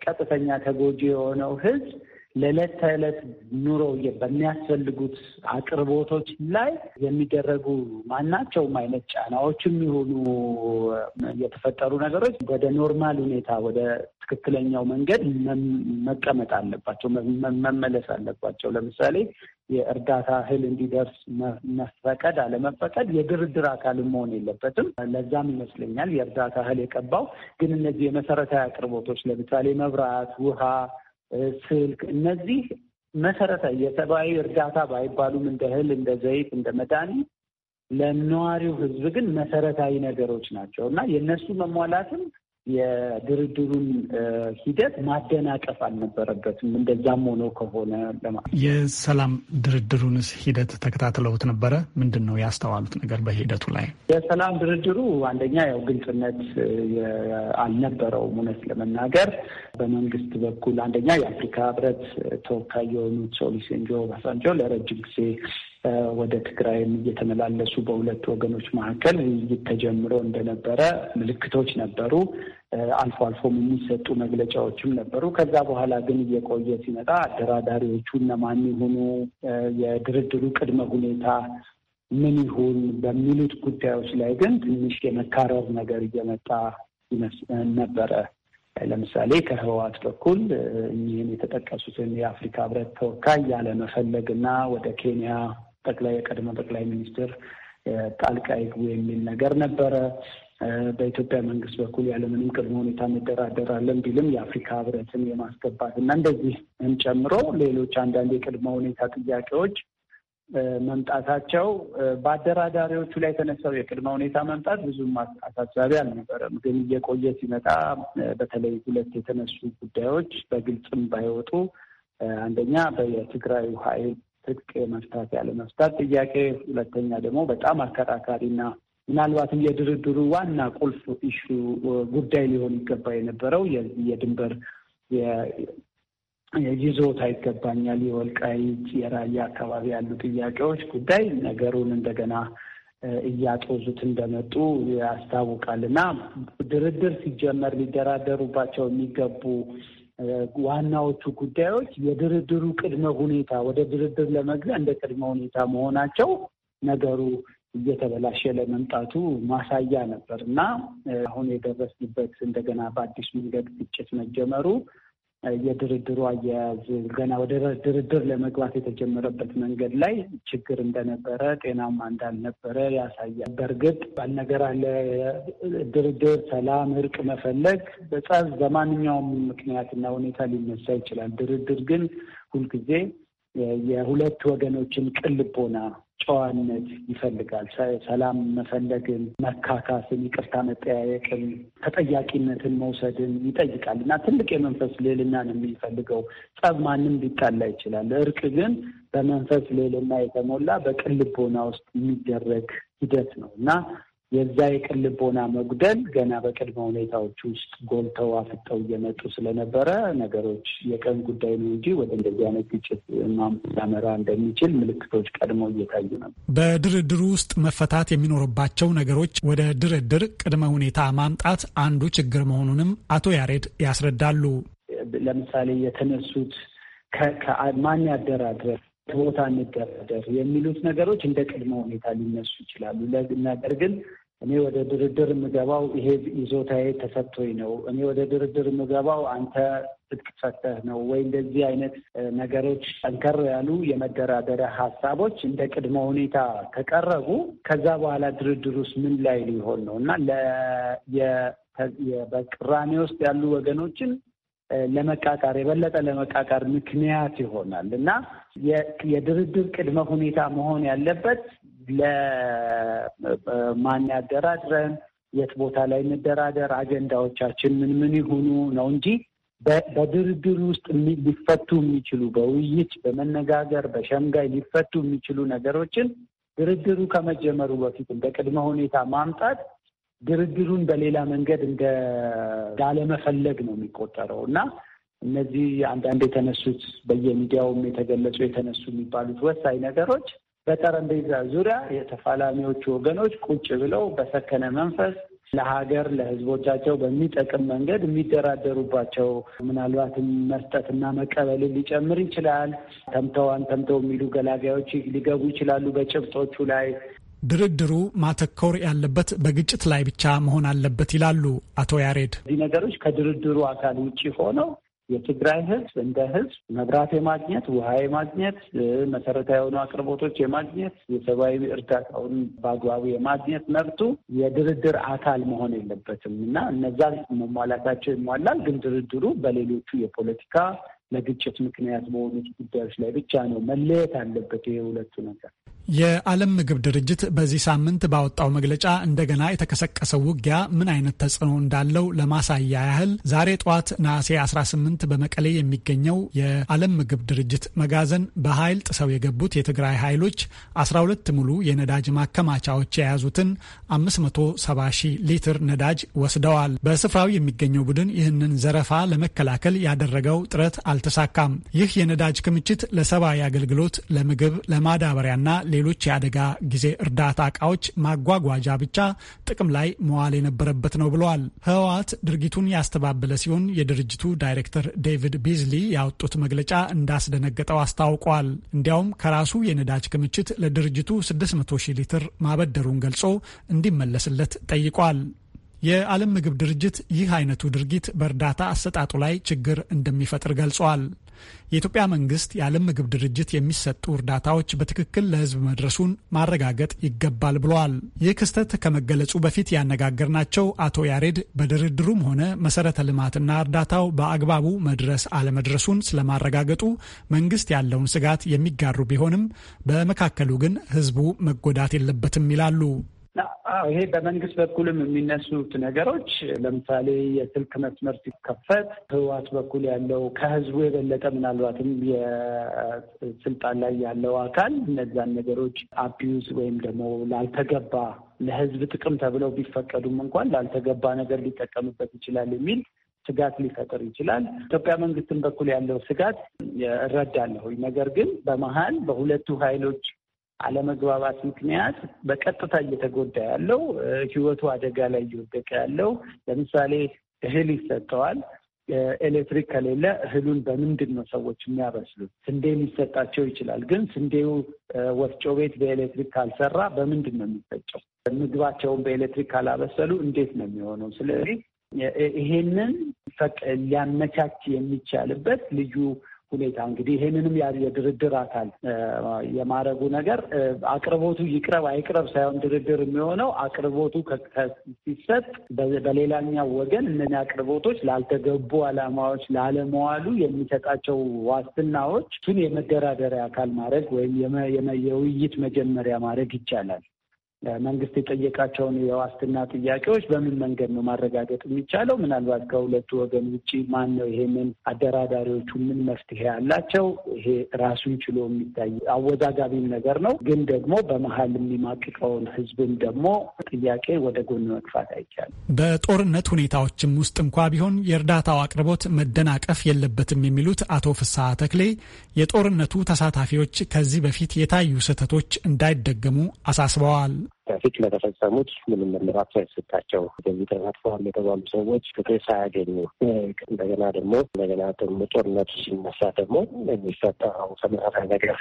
[SPEAKER 2] ቀጥተኛ ተጎጂ የሆነው ህዝብ ለዕለት ተዕለት ኑሮ በሚያስፈልጉት አቅርቦቶች ላይ የሚደረጉ ማናቸውም አይነት ጫናዎችም የሆኑ የተፈጠሩ ነገሮች ወደ ኖርማል ሁኔታ ወደ ትክክለኛው መንገድ መቀመጥ አለባቸው፣ መመለስ አለባቸው። ለምሳሌ የእርዳታ እህል እንዲደርስ መፈቀድ አለመፈቀድ የድርድር አካል መሆን የለበትም። ለዛም ይመስለኛል የእርዳታ እህል የቀባው። ግን እነዚህ የመሰረታዊ አቅርቦቶች ለምሳሌ መብራት፣ ውሃ ስልክ፣ እነዚህ መሰረታዊ የሰብአዊ እርዳታ ባይባሉም እንደ እህል፣ እንደ ዘይት፣ እንደ መድኃኒት ለነዋሪው ህዝብ ግን መሰረታዊ ነገሮች ናቸው እና የእነሱ መሟላትም የድርድሩን ሂደት ማደናቀፍ አልነበረበትም። እንደዛም ሆኖ ከሆነ
[SPEAKER 4] የሰላም ድርድሩንስ ሂደት ተከታትለውት ነበረ። ምንድን ነው ያስተዋሉት ነገር በሂደቱ
[SPEAKER 2] ላይ? የሰላም ድርድሩ አንደኛ ያው ግልጽነት አልነበረውም። እውነት ለመናገር በመንግስት በኩል አንደኛ የአፍሪካ ህብረት ተወካይ የሆኑት ሶሊሴንጆ ባሳንጆ ለረጅም ጊዜ ወደ ትግራይም እየተመላለሱ በሁለቱ ወገኖች መካከል ውይይት ተጀምሮ እንደነበረ ምልክቶች ነበሩ። አልፎ አልፎም የሚሰጡ መግለጫዎችም ነበሩ። ከዛ በኋላ ግን እየቆየ ሲመጣ አደራዳሪዎቹ እነማን ይሁኑ፣ የድርድሩ ቅድመ ሁኔታ ምን ይሁን በሚሉት ጉዳዮች ላይ ግን ትንሽ የመካረር ነገር እየመጣ ነበረ። ለምሳሌ ከህወሓት በኩል እኚህን የተጠቀሱትን የአፍሪካ ህብረት ተወካይ ያለመፈለግና ወደ ኬንያ ጠቅላይ የቀድሞ ጠቅላይ ሚኒስትር ጣልቃ ይግቡ የሚል ነገር ነበረ። በኢትዮጵያ መንግስት በኩል ያለምንም ቅድመ ሁኔታ እንደራደራለን ቢልም የአፍሪካ ህብረትን የማስገባት እና እንደዚህም ጨምሮ ሌሎች አንዳንድ የቅድመ ሁኔታ ጥያቄዎች መምጣታቸው በአደራዳሪዎቹ ላይ የተነሳው የቅድመ ሁኔታ መምጣት ብዙም አሳሳቢ አልነበረም። ግን እየቆየ ሲመጣ በተለይ ሁለት የተነሱ ጉዳዮች በግልጽም ባይወጡ አንደኛ በየትግራዩ ኃይል ትጥቅ መፍታት ያለ መፍታት ጥያቄ፣ ሁለተኛ ደግሞ በጣም አከራካሪና ምናልባትም የድርድሩ ዋና ቁልፍ ኢሹ ጉዳይ ሊሆን ይገባ የነበረው የድንበር የይዞታ ይገባኛል፣ የወልቃይት የራያ አካባቢ ያሉ ጥያቄዎች ጉዳይ ነገሩን እንደገና እያጦዙት እንደመጡ ያስታውቃል እና ድርድር ሲጀመር ሊደራደሩባቸው የሚገቡ ዋናዎቹ ጉዳዮች የድርድሩ ቅድመ ሁኔታ ወደ ድርድር ለመግቢያ እንደ ቅድመ ሁኔታ መሆናቸው ነገሩ እየተበላሸ ለመምጣቱ ማሳያ ነበር እና አሁን የደረስንበት እንደገና በአዲስ መንገድ ግጭት መጀመሩ የድርድሩ አያያዝ ገና ወደ ድርድር ለመግባት የተጀመረበት መንገድ ላይ ችግር እንደነበረ ጤናማ እንዳልነበረ ያሳያል። በእርግጥ ባልነገር አለ ድርድር፣ ሰላም፣ እርቅ መፈለግ በጸብ በማንኛውም ምክንያትና ሁኔታ ሊነሳ ይችላል። ድርድር ግን ሁልጊዜ የሁለት ወገኖችን ቅልቦና ጨዋነት ይፈልጋል። ሰላም መፈለግን፣ መካካስን፣ ይቅርታ መጠያየቅን፣ ተጠያቂነትን መውሰድን ይጠይቃል እና ትልቅ የመንፈስ ልዕልና ነው የሚፈልገው። ጸብ ማንም ሊጣላ ይችላል። እርቅ ግን በመንፈስ ልዕልና የተሞላ በቅን ልቦና ውስጥ የሚደረግ ሂደት ነው እና የዛ የቅን ልቦና መጉደል ገና በቅድመ ሁኔታዎች ውስጥ ጎልተው አፍጠው እየመጡ ስለነበረ ነገሮች የቀን ጉዳይ ነው እንጂ ወደ እንደዚህ አይነት ግጭት ማመራ እንደሚችል ምልክቶች ቀድመው እየታዩ ነው።
[SPEAKER 4] በድርድሩ ውስጥ መፈታት የሚኖርባቸው ነገሮች ወደ ድርድር ቅድመ ሁኔታ ማምጣት አንዱ ችግር መሆኑንም አቶ ያሬድ ያስረዳሉ።
[SPEAKER 2] ለምሳሌ የተነሱት ማን ያደራድረን ቦታ እንደራደር የሚሉት ነገሮች እንደ ቅድመ ሁኔታ ሊነሱ ይችላሉ። ነገር ግን እኔ ወደ ድርድር የምገባው ይሄ ይዞታዬ ተሰጥቶኝ ነው። እኔ ወደ ድርድር የምገባው አንተ ስትፈተህ ነው ወይ? እንደዚህ አይነት ነገሮች ጠንከር ያሉ የመደራደሪያ ሀሳቦች እንደ ቅድመ ሁኔታ ከቀረቡ ከዛ በኋላ ድርድር ውስጥ ምን ላይ ሊሆን ነው እና በቅራኔ ውስጥ ያሉ ወገኖችን ለመቃቃር የበለጠ ለመቃቃር ምክንያት ይሆናል እና የድርድር ቅድመ ሁኔታ መሆን ያለበት ለማን ያደራድረን፣ የት ቦታ ላይ እንደራደር፣ አጀንዳዎቻችን ምን ምን ይሁኑ ነው እንጂ በድርድር ውስጥ ሊፈቱ የሚችሉ በውይይት በመነጋገር በሸምጋይ ሊፈቱ የሚችሉ ነገሮችን ድርድሩ ከመጀመሩ በፊት እንደ ቅድመ ሁኔታ ማምጣት ድርድሩን በሌላ መንገድ እንዳለመፈለግ ነው የሚቆጠረው እና እነዚህ አንዳንድ የተነሱት በየሚዲያውም የተገለጹ የተነሱ የሚባሉት ወሳኝ ነገሮች በጠረጴዛ ዙሪያ የተፋላሚዎቹ ወገኖች ቁጭ ብለው በሰከነ መንፈስ ለሀገር ለሕዝቦቻቸው በሚጠቅም መንገድ የሚደራደሩባቸው ምናልባትም መስጠትና መቀበልን ሊጨምር ይችላል። ተምተው የሚሉ ገላጋዮች ሊገቡ ይችላሉ በጭብጦቹ ላይ።
[SPEAKER 4] ድርድሩ ማተኮር ያለበት በግጭት ላይ ብቻ መሆን አለበት ይላሉ አቶ ያሬድ።
[SPEAKER 2] እዚህ ነገሮች ከድርድሩ አካል ውጭ ሆነው የትግራይ ህዝብ እንደ ህዝብ መብራት የማግኘት ውሃ የማግኘት መሰረታዊ የሆኑ አቅርቦቶች የማግኘት የሰብአዊ እርዳታውን በአግባቡ የማግኘት መብቱ የድርድር አካል መሆን የለበትም እና እነዛ መሟላታቸው ይሟላል። ግን ድርድሩ በሌሎቹ የፖለቲካ ለግጭት ምክንያት በሆኑት ጉዳዮች ላይ ብቻ ነው መለየት አለበት። ይሄ ሁለቱ ነገር
[SPEAKER 4] የዓለም ምግብ ድርጅት በዚህ ሳምንት ባወጣው መግለጫ እንደገና የተቀሰቀሰው ውጊያ ምን አይነት ተጽዕኖ እንዳለው ለማሳያ ያህል ዛሬ ጠዋት ነሐሴ 18 በመቀሌ የሚገኘው የዓለም ምግብ ድርጅት መጋዘን በኃይል ጥሰው የገቡት የትግራይ ኃይሎች 12 ሙሉ የነዳጅ ማከማቻዎች የያዙትን 570 ሺህ ሊትር ነዳጅ ወስደዋል። በስፍራው የሚገኘው ቡድን ይህንን ዘረፋ ለመከላከል ያደረገው ጥረት አልተሳካም። ይህ የነዳጅ ክምችት ለሰብአዊ አገልግሎት፣ ለምግብ፣ ለማዳበሪያና ሌሎች የአደጋ ጊዜ እርዳታ እቃዎች ማጓጓዣ ብቻ ጥቅም ላይ መዋል የነበረበት ነው ብለዋል። ህወሓት ድርጊቱን ያስተባበለ ሲሆን የድርጅቱ ዳይሬክተር ዴቪድ ቢዝሊ ያወጡት መግለጫ እንዳስደነገጠው አስታውቋል። እንዲያውም ከራሱ የነዳጅ ክምችት ለድርጅቱ 600 ሺህ ሊትር ማበደሩን ገልጾ እንዲመለስለት ጠይቋል። የዓለም ምግብ ድርጅት ይህ አይነቱ ድርጊት በእርዳታ አሰጣጡ ላይ ችግር እንደሚፈጥር ገልጿል። የኢትዮጵያ መንግስት የዓለም ምግብ ድርጅት የሚሰጡ እርዳታዎች በትክክል ለሕዝብ መድረሱን ማረጋገጥ ይገባል ብለዋል። ይህ ክስተት ከመገለጹ በፊት ያነጋገርናቸው አቶ ያሬድ በድርድሩም ሆነ መሰረተ ልማትና እርዳታው በአግባቡ መድረስ አለመድረሱን ስለማረጋገጡ መንግስት ያለውን ስጋት የሚጋሩ ቢሆንም በመካከሉ ግን ሕዝቡ መጎዳት የለበትም ይላሉ።
[SPEAKER 2] ይሄ በመንግስት በኩልም የሚነሱት ነገሮች ለምሳሌ የስልክ መስመር ሲከፈት ህወሓት በኩል ያለው ከህዝቡ የበለጠ ምናልባትም የስልጣን ላይ ያለው አካል እነዛን ነገሮች አቢዩዝ ወይም ደግሞ ላልተገባ ለህዝብ ጥቅም ተብለው ቢፈቀዱም እንኳን ላልተገባ ነገር ሊጠቀምበት ይችላል የሚል ስጋት ሊፈጥር ይችላል። ኢትዮጵያ መንግስትን በኩል ያለው ስጋት እረዳለሁ። ነገር ግን በመሀል በሁለቱ ኃይሎች አለመግባባት ምክንያት በቀጥታ እየተጎዳ ያለው ህይወቱ አደጋ ላይ እየወደቀ ያለው ለምሳሌ እህል ይሰጠዋል። ኤሌክትሪክ ከሌለ እህሉን በምንድን ነው ሰዎች የሚያበስሉት? ስንዴ ሊሰጣቸው ይችላል። ግን ስንዴው ወፍጮ ቤት በኤሌክትሪክ ካልሰራ በምንድን ነው የሚፈጨው? ምግባቸውን በኤሌክትሪክ ካላበሰሉ እንዴት ነው የሚሆነው? ስለዚህ ይሄንን ሊያመቻች የሚቻልበት ልዩ ሁኔታ እንግዲህ ይህንንም የድርድር አካል የማድረጉ ነገር አቅርቦቱ ይቅረብ አይቅረብ ሳይሆን ድርድር የሚሆነው አቅርቦቱ ሲሰጥ በሌላኛው ወገን እነዚህ አቅርቦቶች ላልተገቡ ዓላማዎች ላለመዋሉ የሚሰጣቸው ዋስትናዎች እሱን የመደራደሪያ አካል ማድረግ ወይም የውይይት መጀመሪያ ማድረግ ይቻላል። መንግስት የጠየቃቸውን የዋስትና ጥያቄዎች በምን መንገድ ነው ማረጋገጥ የሚቻለው? ምናልባት ከሁለቱ ወገን ውጭ ማን ነው ይሄንን አደራዳሪዎቹ ምን መፍትሄ አላቸው? ይሄ ራሱን ችሎ የሚታይ አወዛጋቢም ነገር ነው። ግን ደግሞ በመሀል የሚማቅቀውን ህዝብም ደግሞ ጥያቄ ወደ ጎን መግፋት አይቻልም።
[SPEAKER 4] በጦርነት ሁኔታዎችም ውስጥ እንኳ ቢሆን የእርዳታው አቅርቦት መደናቀፍ የለበትም የሚሉት አቶ ፍስሐ ተክሌ የጦርነቱ ተሳታፊዎች ከዚህ በፊት የታዩ ስህተቶች እንዳይደገሙ አሳስበዋል። በፊት
[SPEAKER 3] ለተፈጸሙት ምንም እልባት ሳይሰጣቸው በዚህ ተሳትፈዋል የተባሉ ሰዎች ፍትሕ ሳያገኙ እንደገና ደግሞ እንደገና ደግሞ ጦርነቱ ሲነሳ ደግሞ የሚፈጠረው ተመሳሳይ ነገር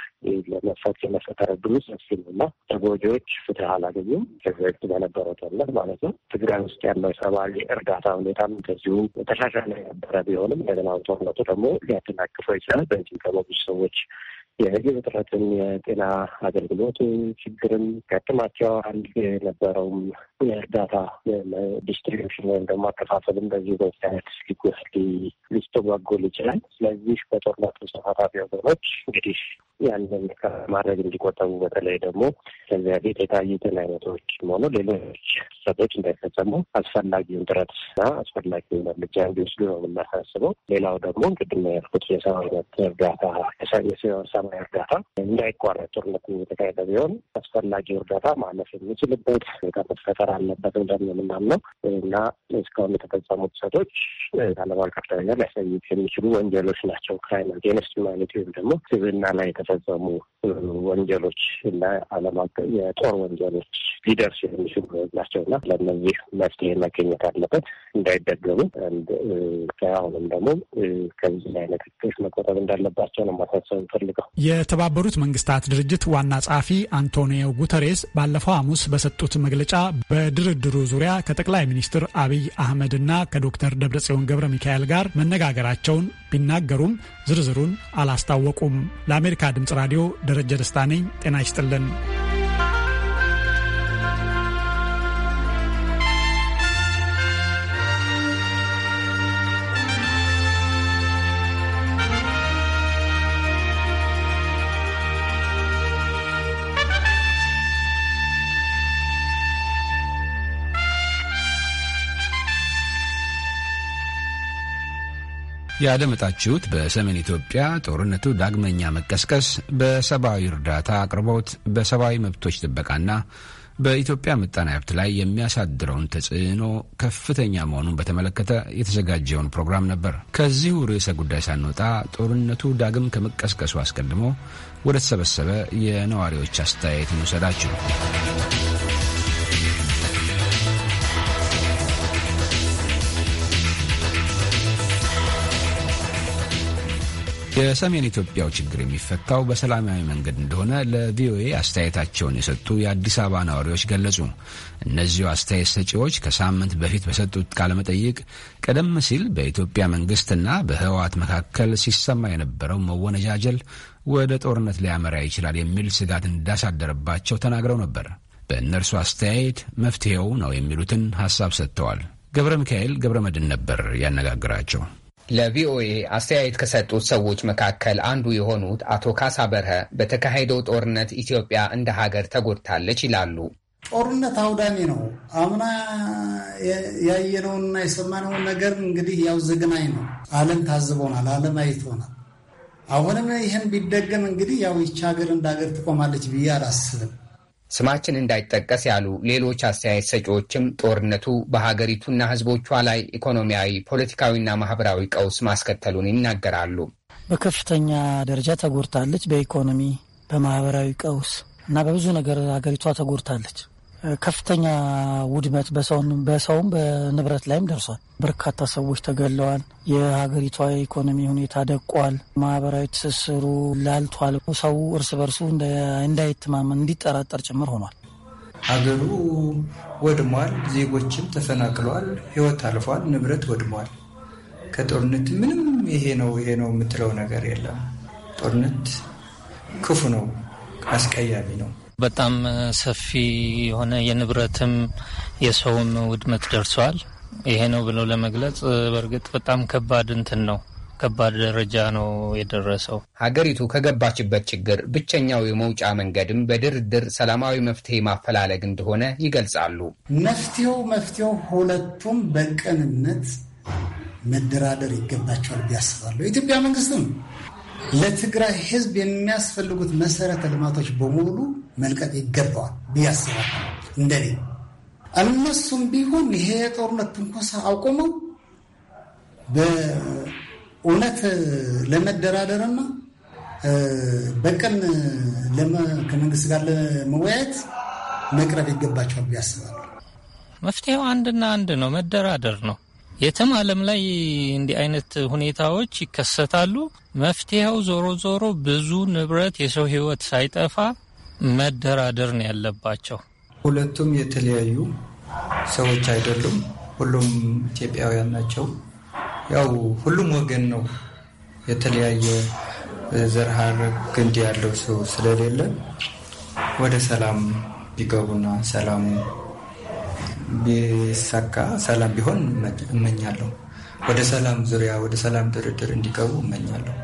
[SPEAKER 3] ለመፈት የመፈጠረ ድሉ ሰፊ ነው እና ተጎጂዎች ፍትሕ አላገኙም። ከዚህ በፊት በነበረው ጦርነት ማለት ነው። ትግራይ ውስጥ ያለው የሰብአዊ እርዳታ ሁኔታም እንደዚሁ ተሻሻለ የነበረ ቢሆንም እንደገና ጦርነቱ ደግሞ ሊያደናቅፈው ይችላል። በዚህ ከመጉ ሰዎች የህዝብ እጥረትን፣ የጤና አገልግሎት ችግርም ገጥማቸው አንድ የነበረውም የእርዳታ ዲስትሪቢሽን ወይም ደግሞ አከፋፈልም በዚህ በዚህ አይነት ሊጎስ ሊስተጓጎል ይችላል። ስለዚህ በጦርነቱ ተሳታፊ ወገኖች እንግዲህ ያንን ከማድረግ እንዲቆጠቡ በተለይ ደግሞ ከዚያ ቤት የታዩትን አይነቶች ሆኑ ሌሎች ሰቶች እንዳይፈጸሙ አስፈላጊውን ጥረት ጥረትና አስፈላጊውን እርምጃ እንዲወስዱ ነው የምናሳስበው። ሌላው ደግሞ ቅድም ያልኩት የሰብአዊ መብት እርዳታ ሰብአዊ እርዳታ እንዳይቋረጥ ጦርነት የተካሄደ ቢሆን አስፈላጊው እርዳታ ማለፍ የሚችልበት ሁኔታ መፈጠር አለበት ብለን የምናምነው እና እስካሁን የተፈጸሙት ሰቶች ዓለም አቀፍ ደረጃ ሊያሳዩት የሚችሉ ወንጀሎች ናቸው። ክራይም አጌንስት ሁማኒቲ ወይም ደግሞ ስብና ላይ የተፈጸሙ ወንጀሎች እና ዓለም አቀፍ የጦር ወንጀሎች ሊደርሱ የሚችሉ ናቸው እና ለእነዚህ መፍትሄ መገኘት አለበት እንዳይደገሙ uh, አሁንም ደግሞ uh, ከዚህ አይነት ህጎች መቆጠብ እንዳለባቸው ነው ማሳሰብ ፈልገው።
[SPEAKER 4] የተባበሩት መንግስታት ድርጅት ዋና ጸሐፊ አንቶኒዮ ጉተሬስ ባለፈው ሐሙስ በሰጡት መግለጫ በድርድሩ ዙሪያ ከጠቅላይ ሚኒስትር አብይ አህመድ እና ከዶክተር ደብረጽዮን ገብረ ሚካኤል ጋር መነጋገራቸውን ቢናገሩም ዝርዝሩን አላስታወቁም። ለአሜሪካ ድምፅ ራዲዮ ደረጀ ደስታ ነኝ። ጤና ይስጥልን።
[SPEAKER 1] ያደመጣችሁት በሰሜን ኢትዮጵያ ጦርነቱ ዳግመኛ መቀስቀስ በሰብአዊ እርዳታ አቅርቦት፣ በሰብአዊ መብቶች ጥበቃና በኢትዮጵያ ምጣኔ ሀብት ላይ የሚያሳድረውን ተጽዕኖ ከፍተኛ መሆኑን በተመለከተ የተዘጋጀውን ፕሮግራም ነበር። ከዚሁ ርዕሰ ጉዳይ ሳንወጣ ጦርነቱ ዳግም ከመቀስቀሱ አስቀድሞ ወደ ተሰበሰበ የነዋሪዎች አስተያየት እንውሰዳችሁ። የሰሜን ኢትዮጵያው ችግር የሚፈታው በሰላማዊ መንገድ እንደሆነ ለቪኦኤ አስተያየታቸውን የሰጡ የአዲስ አበባ ነዋሪዎች ገለጹ። እነዚሁ አስተያየት ሰጪዎች ከሳምንት በፊት በሰጡት ቃለመጠይቅ ቀደም ሲል በኢትዮጵያ መንግስትና በህወሓት መካከል ሲሰማ የነበረው መወነጃጀል ወደ ጦርነት ሊያመራ ይችላል የሚል ስጋት እንዳሳደረባቸው ተናግረው ነበር። በእነርሱ አስተያየት መፍትሄው ነው የሚሉትን ሀሳብ ሰጥተዋል። ገብረ ሚካኤል ገብረ መድን ነበር ያነጋግራቸው።
[SPEAKER 7] ለቪኦኤ አስተያየት ከሰጡት ሰዎች መካከል አንዱ የሆኑት አቶ ካሳ በርሀ በተካሄደው ጦርነት ኢትዮጵያ እንደ ሀገር ተጎድታለች ይላሉ።
[SPEAKER 8] ጦርነት አውዳሚ ነው። አምና ያየነውንና የሰማነውን ነገር እንግዲህ ያው ዘግናኝ ነው። ዓለም ታዝቦናል። ዓለም አይቶናል። አሁንም ይህን ቢደገም እንግዲህ ያው ይቺ ሀገር እንደ ሀገር ትቆማለች ብዬ አላስብም።
[SPEAKER 7] ስማችን እንዳይጠቀስ ያሉ ሌሎች አስተያየት ሰጪዎችም ጦርነቱ በሀገሪቱና ሕዝቦቿ ላይ ኢኮኖሚያዊ፣ ፖለቲካዊና ማህበራዊ ቀውስ ማስከተሉን ይናገራሉ።
[SPEAKER 9] በከፍተኛ ደረጃ ተጎድታለች። በኢኮኖሚ በማህበራዊ ቀውስ እና በብዙ ነገር ሀገሪቷ ተጎድታለች። ከፍተኛ ውድመት በሰውም በንብረት ላይም ደርሷል። በርካታ ሰዎች ተገለዋል። የሀገሪቷ የኢኮኖሚ ሁኔታ ደቋል። ማህበራዊ ትስስሩ ላልቷል። ሰው እርስ በርሱ እንዳይተማመን እንዲጠራጠር ጭምር ሆኗል። ሀገሩ ወድሟል። ዜጎችም ተፈናቅለዋል። ህይወት አልፏል። ንብረት ወድሟል።
[SPEAKER 8] ከጦርነት ምንም ይሄ ነው ይሄ ነው የምትለው ነገር የለም።
[SPEAKER 10] ጦርነት ክፉ ነው፣ አስቀያሚ ነው። በጣም ሰፊ የሆነ የንብረትም የሰውም ውድመት ደርሷል። ይሄ ነው ብለው ለመግለጽ በእርግጥ በጣም ከባድ እንትን ነው ከባድ ደረጃ ነው የደረሰው። ሀገሪቱ ከገባችበት
[SPEAKER 7] ችግር ብቸኛው የመውጫ መንገድም በድርድር ሰላማዊ መፍትሄ ማፈላለግ እንደሆነ ይገልጻሉ።
[SPEAKER 8] መፍትሄው መፍትሄው ሁለቱም በቅንነት መደራደር ይገባቸዋል ብዬ ኢትዮጵያ መንግስትም ለትግራይ ህዝብ የሚያስፈልጉት መሰረተ ልማቶች በሙሉ መልቀቅ ይገባዋል ብዬ አስባለሁ። እንደኔ እነሱም ቢሆን ይሄ የጦርነት ትንኮሳ አቁመው በእውነት ለመደራደርና በቀን ከመንግስት ጋር ለመወያየት መቅረብ ይገባቸዋል ብዬ
[SPEAKER 10] አስባለሁ። መፍትሄው አንድና አንድ ነው፣ መደራደር ነው። የትም ዓለም ላይ እንዲህ አይነት ሁኔታዎች ይከሰታሉ። መፍትሄው ዞሮ ዞሮ ብዙ ንብረት፣ የሰው ህይወት ሳይጠፋ መደራደር ነው ያለባቸው።
[SPEAKER 8] ሁለቱም የተለያዩ ሰዎች አይደሉም። ሁሉም ኢትዮጵያውያን ናቸው። ያው ሁሉም ወገን ነው። የተለያየ ዘር ሐረግ ግንድ ያለው ሰው ስለሌለ ወደ ሰላም ቢገቡና ሰላሙ ቢሳካ ሰላም ቢሆን እመኛለሁ። ወደ ሰላም ዙሪያ ወደ ሰላም ድርድር እንዲገቡ እመኛለሁ።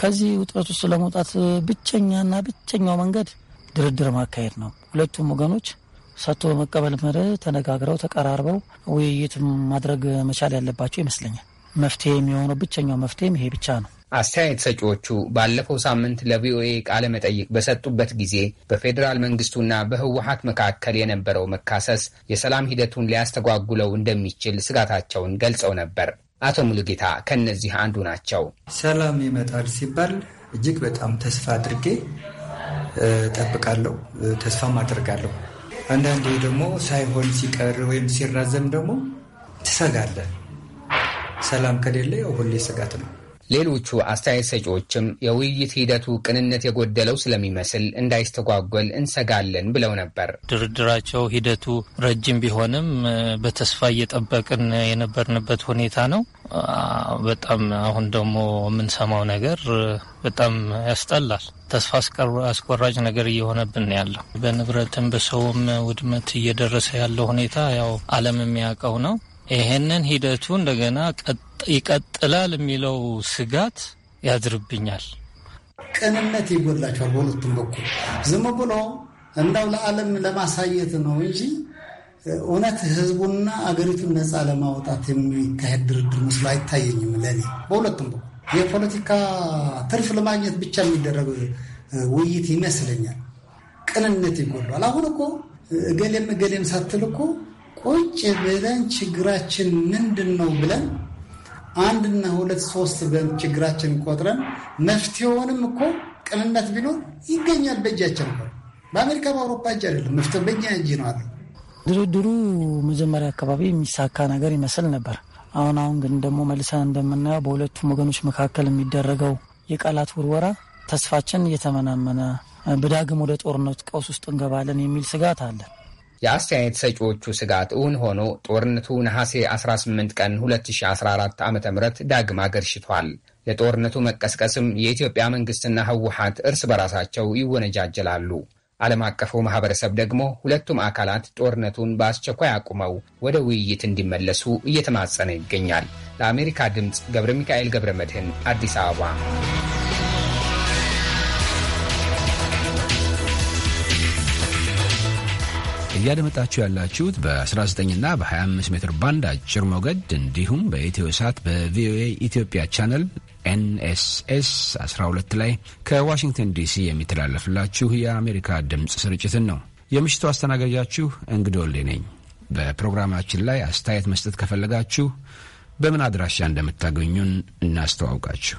[SPEAKER 9] ከዚህ ውጥረት ውስጥ ለመውጣት ብቸኛና ብቸኛው መንገድ ድርድር ማካሄድ ነው። ሁለቱም ወገኖች ሰጥቶ በመቀበል መርህ ተነጋግረው ተቀራርበው ውይይት ማድረግ መቻል ያለባቸው ይመስለኛል። መፍትሄ የሚሆነው ብቸኛው መፍትሄም ይሄ ብቻ ነው።
[SPEAKER 7] አስተያየት ሰጪዎቹ ባለፈው ሳምንት ለቪኦኤ ቃለ መጠይቅ በሰጡበት ጊዜ በፌዴራል መንግስቱና በህወሀት መካከል የነበረው መካሰስ የሰላም ሂደቱን ሊያስተጓጉለው እንደሚችል ስጋታቸውን ገልጸው ነበር። አቶ ሙሉጌታ ከእነዚህ አንዱ ናቸው። ሰላም ይመጣል ሲባል እጅግ በጣም
[SPEAKER 8] ተስፋ አድርጌ ጠብቃለሁ፣ ተስፋም አደርጋለሁ። አንዳንዴ ደግሞ ሳይሆን ሲቀር ወይም ሲራዘም ደግሞ ትሰጋለህ።
[SPEAKER 7] ሰላም ከሌለ ያው ሁሌ ስጋት ነው። ሌሎቹ አስተያየት ሰጪዎችም የውይይት ሂደቱ ቅንነት የጎደለው ስለሚመስል እንዳይስተጓጎል እንሰጋለን ብለው ነበር።
[SPEAKER 10] ድርድራቸው ሂደቱ ረጅም ቢሆንም በተስፋ እየጠበቅን የነበርንበት ሁኔታ ነው። በጣም አሁን ደግሞ የምንሰማው ነገር በጣም ያስጠላል። ተስፋ አስቆራጭ ነገር እየሆነብን ያለው በንብረትም በሰውም ውድመት እየደረሰ ያለው ሁኔታ ያው ዓለም የሚያውቀው ነው። ይህንን ሂደቱ እንደገና ቀጥ ይቀጥላል የሚለው ስጋት ያድርብኛል።
[SPEAKER 8] ቅንነት ይጎላቸዋል። በሁለቱም በኩል ዝም ብሎ እንዳው ለዓለም ለማሳየት ነው እንጂ እውነት ህዝቡና አገሪቱን ነፃ ለማውጣት የሚካሄድ ድርድር መስሎ አይታየኝም ለእኔ። በሁለቱም በኩል የፖለቲካ ትርፍ ለማግኘት ብቻ የሚደረግ ውይይት ይመስለኛል። ቅንነት ይጎሏል። አሁን እኮ እገሌም እገሌም ሳትል እኮ ቁጭ ብለን ችግራችን ምንድን ነው ብለን አንድና ሁለት ሶስት ብለን ችግራችን ቆጥረን መፍትሄውንም እኮ
[SPEAKER 9] ቅንነት ቢኖር ይገኛል በእጃችን እኮ በአሜሪካ በአውሮፓ እጅ አይደለም። መፍትሄ በእኛ እጅ ነው አለ። ድርድሩ መጀመሪያ አካባቢ የሚሳካ ነገር ይመስል ነበር። አሁን አሁን ግን ደግሞ መልሰን እንደምናየው በሁለቱም ወገኖች መካከል የሚደረገው የቃላት ውርወራ ተስፋችን እየተመናመነ በዳግም ወደ ጦርነት ቀውስ ውስጥ እንገባለን የሚል ስጋት አለን።
[SPEAKER 7] የአስተያየት ሰጪዎቹ ስጋት እውን ሆኖ ጦርነቱ ነሐሴ 18 ቀን 2014 ዓ ም ዳግም አገርሽቷል። ለጦርነቱ መቀስቀስም የኢትዮጵያ መንግሥትና ህወሓት እርስ በራሳቸው ይወነጃጀላሉ። ዓለም አቀፉ ማህበረሰብ ደግሞ ሁለቱም አካላት ጦርነቱን በአስቸኳይ አቁመው ወደ ውይይት እንዲመለሱ እየተማጸነ ይገኛል። ለአሜሪካ ድምፅ ገብረ ሚካኤል ገብረ መድህን አዲስ አበባ
[SPEAKER 1] እያደመጣችሁ ያላችሁት በ19ና በ25 ሜትር ባንድ አጭር ሞገድ እንዲሁም በኢትዮ ሳት በቪኦኤ ኢትዮጵያ ቻነል ኤንኤስኤስ 12 ላይ ከዋሽንግተን ዲሲ የሚተላለፍላችሁ የአሜሪካ ድምፅ ስርጭትን ነው። የምሽቱ አስተናጋጃችሁ እንግዶሌ ነኝ። በፕሮግራማችን ላይ አስተያየት መስጠት ከፈለጋችሁ በምን አድራሻ
[SPEAKER 11] እንደምታገኙን እናስተዋውቃችሁ።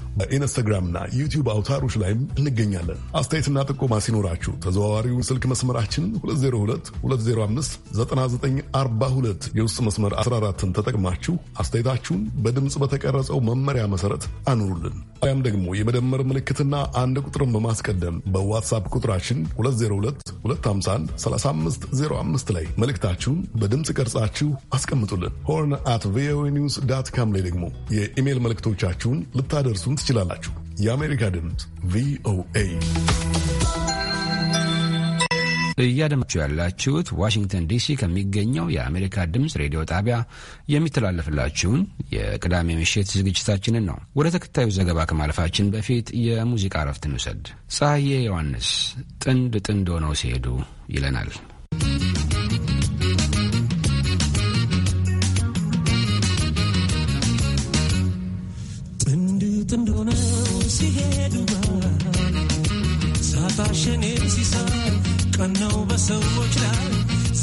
[SPEAKER 11] በኢንስታግራምና ዩቲዩብ አውታሮች ላይም እንገኛለን። አስተያየትና ጥቆማ ሲኖራችሁ ተዘዋዋሪው ስልክ መስመራችን 2022059942 የውስጥ መስመር 14ን ተጠቅማችሁ አስተያየታችሁን በድምፅ በተቀረጸው መመሪያ መሰረት አኑሩልን። ያም ደግሞ የመደመር ምልክትና አንድ ቁጥርን በማስቀደም በዋትሳፕ ቁጥራችን 2022513505 ላይ መልእክታችሁን በድምፅ ቀርጻችሁ አስቀምጡልን። ሆርን አት ቪኦኤ ኒውስ ዳት ካም ላይ ደግሞ የኢሜይል መልእክቶቻችሁን ልታደርሱን ትችላላችሁ። የአሜሪካ ድምፅ ቪኦኤ
[SPEAKER 1] እያደመጡ ያላችሁት ዋሽንግተን ዲሲ ከሚገኘው የአሜሪካ ድምፅ ሬዲዮ ጣቢያ የሚተላለፍላችሁን የቅዳሜ ምሽት ዝግጅታችንን ነው። ወደ ተከታዩ ዘገባ ከማለፋችን በፊት የሙዚቃ እረፍት እንውሰድ። ፀሐዬ ዮሐንስ ጥንድ ጥንድ ሆነው ሲሄዱ ይለናል።
[SPEAKER 12] ስንት እንደሆነ ሲሄዱ ሳታሸኔ ሲሳይ ቀነው በሰዎች ላይ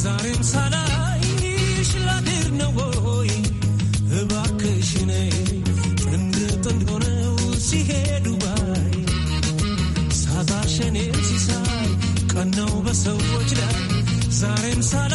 [SPEAKER 12] ዛሬም ሳላይሽ ላድር ነው ወይ ጥንድ ጥንድ ሆነው ሲሄዱ ባይ ሳታሸኔ ሲሳይ ቀነው በሰዎች ላይ ዛሬም ሳላ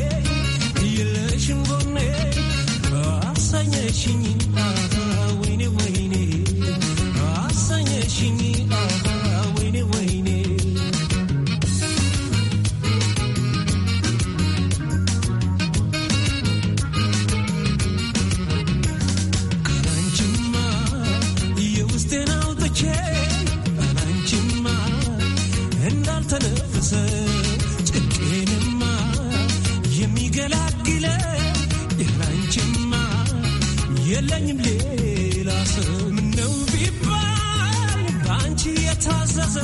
[SPEAKER 12] የለኝም ሌላ ሰው ምነው ቢባል በአንቺ የታዘዘ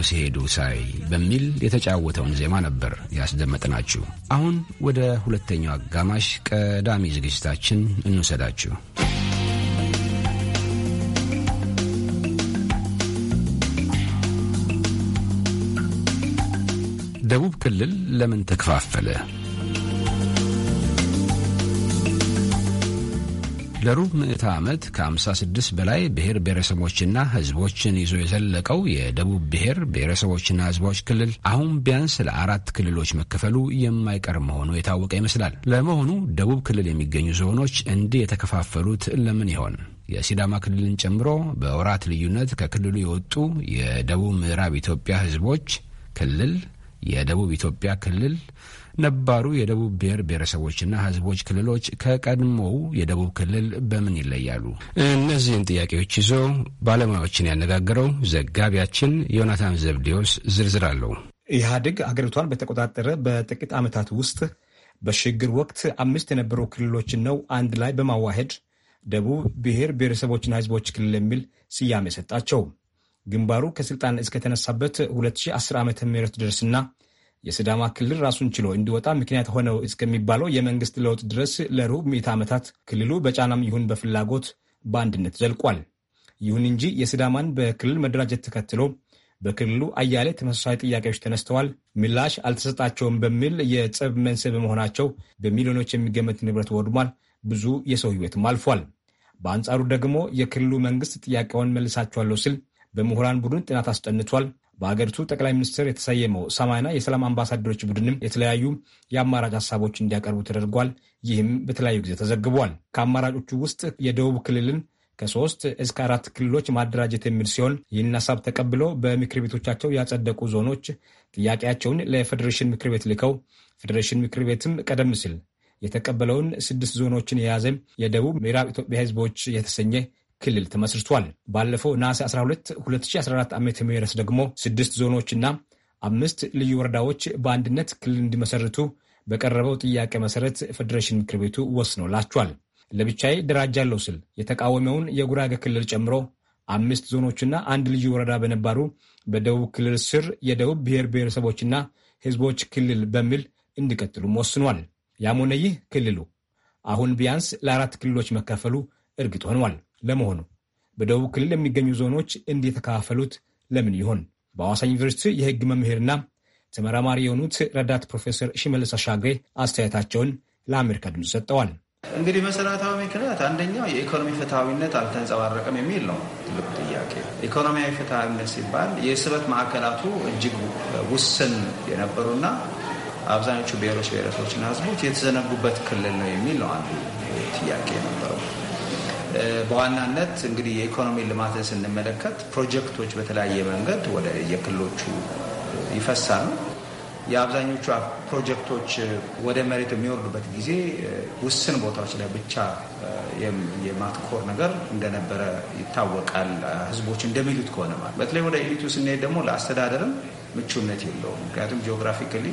[SPEAKER 1] ጥለውነው ሲሄዱ ሳይ በሚል የተጫወተውን ዜማ ነበር ያስደመጥናችሁ። አሁን ወደ ሁለተኛው አጋማሽ ቀዳሚ ዝግጅታችን እንውሰዳችሁ። ደቡብ ክልል ለምን ተከፋፈለ? ለሩብ ምዕተ ዓመት ከ56 በላይ ብሔር ብሔረሰቦችና ህዝቦችን ይዞ የዘለቀው የደቡብ ብሔር ብሔረሰቦችና ህዝቦች ክልል አሁን ቢያንስ ለአራት ክልሎች መከፈሉ የማይቀር መሆኑ የታወቀ ይመስላል። ለመሆኑ ደቡብ ክልል የሚገኙ ዞኖች እንዲህ የተከፋፈሉት ለምን ይሆን? የሲዳማ ክልልን ጨምሮ በወራት ልዩነት ከክልሉ የወጡ የደቡብ ምዕራብ ኢትዮጵያ ህዝቦች ክልል፣ የደቡብ ኢትዮጵያ ክልል ነባሩ የደቡብ ብሔር ብሔረሰቦችና ህዝቦች ክልሎች ከቀድሞው የደቡብ ክልል በምን ይለያሉ? እነዚህን ጥያቄዎች ይዞ ባለሙያዎችን ያነጋገረው ዘጋቢያችን ዮናታን ዘብዴዎስ ዝርዝር አለው።
[SPEAKER 13] ኢህአዴግ አገሪቷን በተቆጣጠረ በጥቂት ዓመታት ውስጥ በሽግግር ወቅት አምስት የነበሩ ክልሎችን ነው አንድ ላይ በማዋሄድ ደቡብ ብሔር ብሔረሰቦችና ህዝቦች ክልል የሚል ስያሜ ሰጣቸው። ግንባሩ ከስልጣን እስከተነሳበት 2010 ዓ ም ድረስና የስዳማ ክልል ራሱን ችሎ እንዲወጣ ምክንያት ሆነው እስከሚባለው የመንግስት ለውጥ ድረስ ለሩብ ምዕተ ዓመታት ክልሉ በጫናም ይሁን በፍላጎት በአንድነት ዘልቋል። ይሁን እንጂ የስዳማን በክልል መደራጀት ተከትሎ በክልሉ አያሌ ተመሳሳይ ጥያቄዎች ተነስተዋል፣ ምላሽ አልተሰጣቸውም በሚል የጸብ መንስኤ በመሆናቸው በሚሊዮኖች የሚገመት ንብረት ወድሟል፣ ብዙ የሰው ህይወትም አልፏል። በአንጻሩ ደግሞ የክልሉ መንግስት ጥያቄውን መልሳቸዋለሁ ሲል በምሁራን ቡድን ጥናት አስጠንቷል። በሀገሪቱ ጠቅላይ ሚኒስትር የተሰየመው ሰማይና የሰላም አምባሳደሮች ቡድንም የተለያዩ የአማራጭ ሀሳቦች እንዲያቀርቡ ተደርጓል። ይህም በተለያዩ ጊዜ ተዘግቧል። ከአማራጮቹ ውስጥ የደቡብ ክልልን ከሶስት እስከ አራት ክልሎች ማደራጀት የሚል ሲሆን ይህን ሀሳብ ተቀብሎ በምክር ቤቶቻቸው ያጸደቁ ዞኖች ጥያቄያቸውን ለፌዴሬሽን ምክር ቤት ልከው ፌዴሬሽን ምክር ቤትም ቀደም ሲል የተቀበለውን ስድስት ዞኖችን የያዘ የደቡብ ምዕራብ ኢትዮጵያ ሕዝቦች የተሰኘ ክልል ተመስርቷል። ባለፈው ነሐሴ 12 2014 ዓ ም ደግሞ ስድስት ዞኖችና አምስት ልዩ ወረዳዎች በአንድነት ክልል እንዲመሰርቱ በቀረበው ጥያቄ መሰረት ፌዴሬሽን ምክር ቤቱ ወስኖላቸዋል። ለብቻዬ ደራጃለሁ ስል የተቃወመውን የጉራጌ ክልል ጨምሮ አምስት ዞኖችና አንድ ልዩ ወረዳ በነባሩ በደቡብ ክልል ስር የደቡብ ብሔር ብሔረሰቦችና ሕዝቦች ክልል በሚል እንዲቀጥሉም ወስኗል። ያም ሆነ ይህ ክልሉ አሁን ቢያንስ ለአራት ክልሎች መከፈሉ እርግጥ ሆኗል። ለመሆኑ በደቡብ ክልል የሚገኙ ዞኖች እንዲህ ለምን ይሆን? በሐዋሳ ዩኒቨርሲቲ የሕግ መምህርና ተመራማሪ የሆኑት ረዳት ፕሮፌሰር ሽመልስ አሻግሬ አስተያየታቸውን ለአሜሪካ ድምፅ ሰጥተዋል።
[SPEAKER 5] እንግዲህ መሰረታዊ ምክንያት አንደኛው የኢኮኖሚ ፍትሐዊነት አልተንጸባረቀም የሚል ነው ትልቁ ጥያቄ። ኢኮኖሚያዊ ፍትሐዊነት ሲባል የስበት ማዕከላቱ እጅግ ውስን የነበሩና አብዛኞቹ ብሔሮች፣ ብሔረሰቦችና ህዝቦች የተዘነጉበት ክልል ነው የሚል ነው አንዱ ጥያቄ ነበረው። በዋናነት እንግዲህ የኢኮኖሚ ልማትን ስንመለከት ፕሮጀክቶች በተለያየ መንገድ ወደ የክልሎቹ ይፈሳሉ። የአብዛኞቹ ፕሮጀክቶች ወደ መሬት የሚወርዱበት ጊዜ ውስን ቦታዎች ላይ ብቻ የማትኮር ነገር እንደነበረ ይታወቃል። ህዝቦች እንደሚሉት ከሆነ ማለት በተለይ ወደ ኢሊቱ ስንሄድ ደግሞ ለአስተዳደርም ምቹነት የለውም። ምክንያቱም ጂኦግራፊካሊ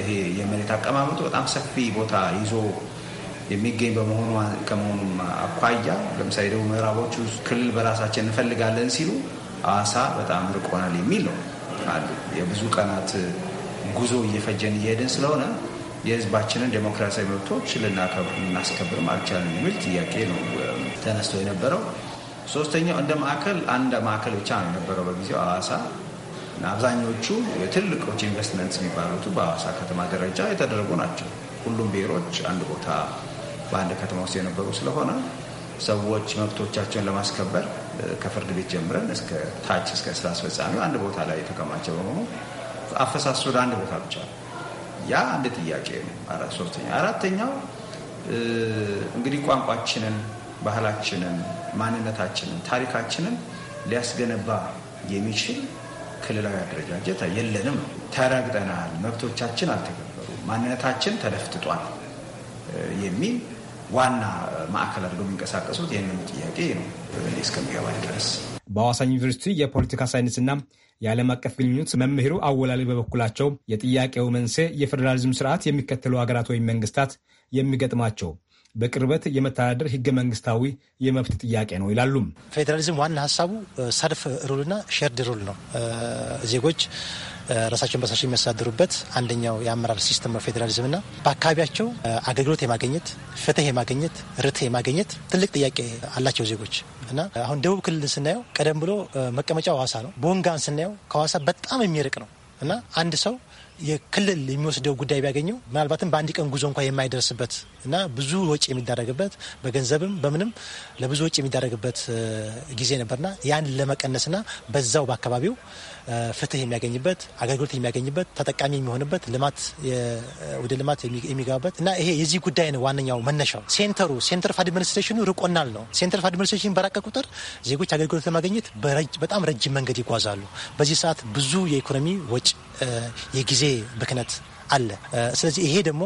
[SPEAKER 5] ይሄ የመሬት አቀማመጡ በጣም ሰፊ ቦታ ይዞ የሚገኝ በመሆኑ ከመሆኑም አኳያ ለምሳሌ ደግሞ ምዕራቦቹ ክልል በራሳችን እንፈልጋለን ሲሉ አዋሳ በጣም ርቆናል የሚል ነው አሉ። የብዙ ቀናት ጉዞ እየፈጀን እየሄድን ስለሆነ የህዝባችንን ዴሞክራሲያዊ መብቶች ልናከብር ልናስከብርም አልቻለን የሚል ጥያቄ ነው ተነስቶ የነበረው። ሶስተኛው እንደ ማዕከል አንድ ማዕከል ብቻ ነው የነበረው በጊዜው አዋሳ። አብዛኞቹ ትልቆች ኢንቨስትመንት የሚባሉት በአዋሳ ከተማ ደረጃ የተደረጉ ናቸው። ሁሉም ብሔሮች አንድ ቦታ በአንድ ከተማ ውስጥ የነበሩ ስለሆነ ሰዎች መብቶቻቸውን ለማስከበር ከፍርድ ቤት ጀምረን እስከ ታች እስከ ስራ አስፈጻሚው አንድ ቦታ ላይ የተከማቸ በመሆኑ አፈሳሱ ለአንድ ቦታ ብቻ ነው። ያ አንድ ጥያቄ ነው። ሶስተኛ አራተኛው እንግዲህ ቋንቋችንን፣ ባህላችንን፣ ማንነታችንን፣ ታሪካችንን ሊያስገነባ የሚችል ክልላዊ አደረጃጀት የለንም ተረግጠናል፣ መብቶቻችን አልተከበሩም፣ ማንነታችን ተለፍትጧል የሚል ዋና ማዕከል አድርገው የሚንቀሳቀሱት ይህንኑ ጥያቄ ነው እስከሚገባ ድረስ።
[SPEAKER 13] በሐዋሳ ዩኒቨርሲቲ የፖለቲካ ሳይንስና የዓለም አቀፍ ግንኙነት መምህሩ አወላሌ በበኩላቸው የጥያቄው መንስኤ የፌዴራሊዝም ስርዓት የሚከተሉ ሀገራት ወይም መንግስታት የሚገጥማቸው በቅርበት የመተዳደር ህገ መንግስታዊ የመብት ጥያቄ ነው ይላሉ። ፌዴራሊዝም ዋና
[SPEAKER 14] ሀሳቡ ሰልፍ ሩልና ሸርድ ሩል ነው ዜጎች ራሳቸውን በራሳቸው የሚያስተዳድሩበት አንደኛው የአመራር ሲስተም ነው ና በአካባቢያቸው አገልግሎት የማገኘት ፍትህ የማገኘት ርትህ የማገኘት ትልቅ ጥያቄ አላቸው ዜጎች እና አሁን ደቡብ ክልል ስናየው ቀደም ብሎ መቀመጫው ሀዋሳ ነው። ቦንጋን ስናየው ከሀዋሳ በጣም የሚርቅ ነው እና አንድ ሰው የክልል የሚወስደው ጉዳይ ቢያገኘው ምናልባትም በአንድ ቀን ጉዞ እንኳ የማይደርስበት እና ብዙ ወጪ የሚደረግበት በገንዘብም በምንም ለብዙ ወጪ የሚደረግበት ጊዜ ነበርና ያን ለመቀነስና በዛው በአካባቢው ፍትህ የሚያገኝበት አገልግሎት የሚያገኝበት ተጠቃሚ የሚሆንበት ልማት ወደ ልማት የሚገባበት እና ይሄ የዚህ ጉዳይ ነው ዋነኛው መነሻው። ሴንተሩ ሴንተር ኦፍ አድሚኒስትሬሽኑ ርቆናል ነው። ሴንተር ኦፍ አድሚኒስትሬሽን በራቀ ቁጥር ዜጎች አገልግሎት ለማግኘት በጣም ረጅም መንገድ ይጓዛሉ። በዚህ ሰዓት ብዙ የኢኮኖሚ ወጪ፣ የጊዜ ብክነት አለ። ስለዚህ ይሄ ደግሞ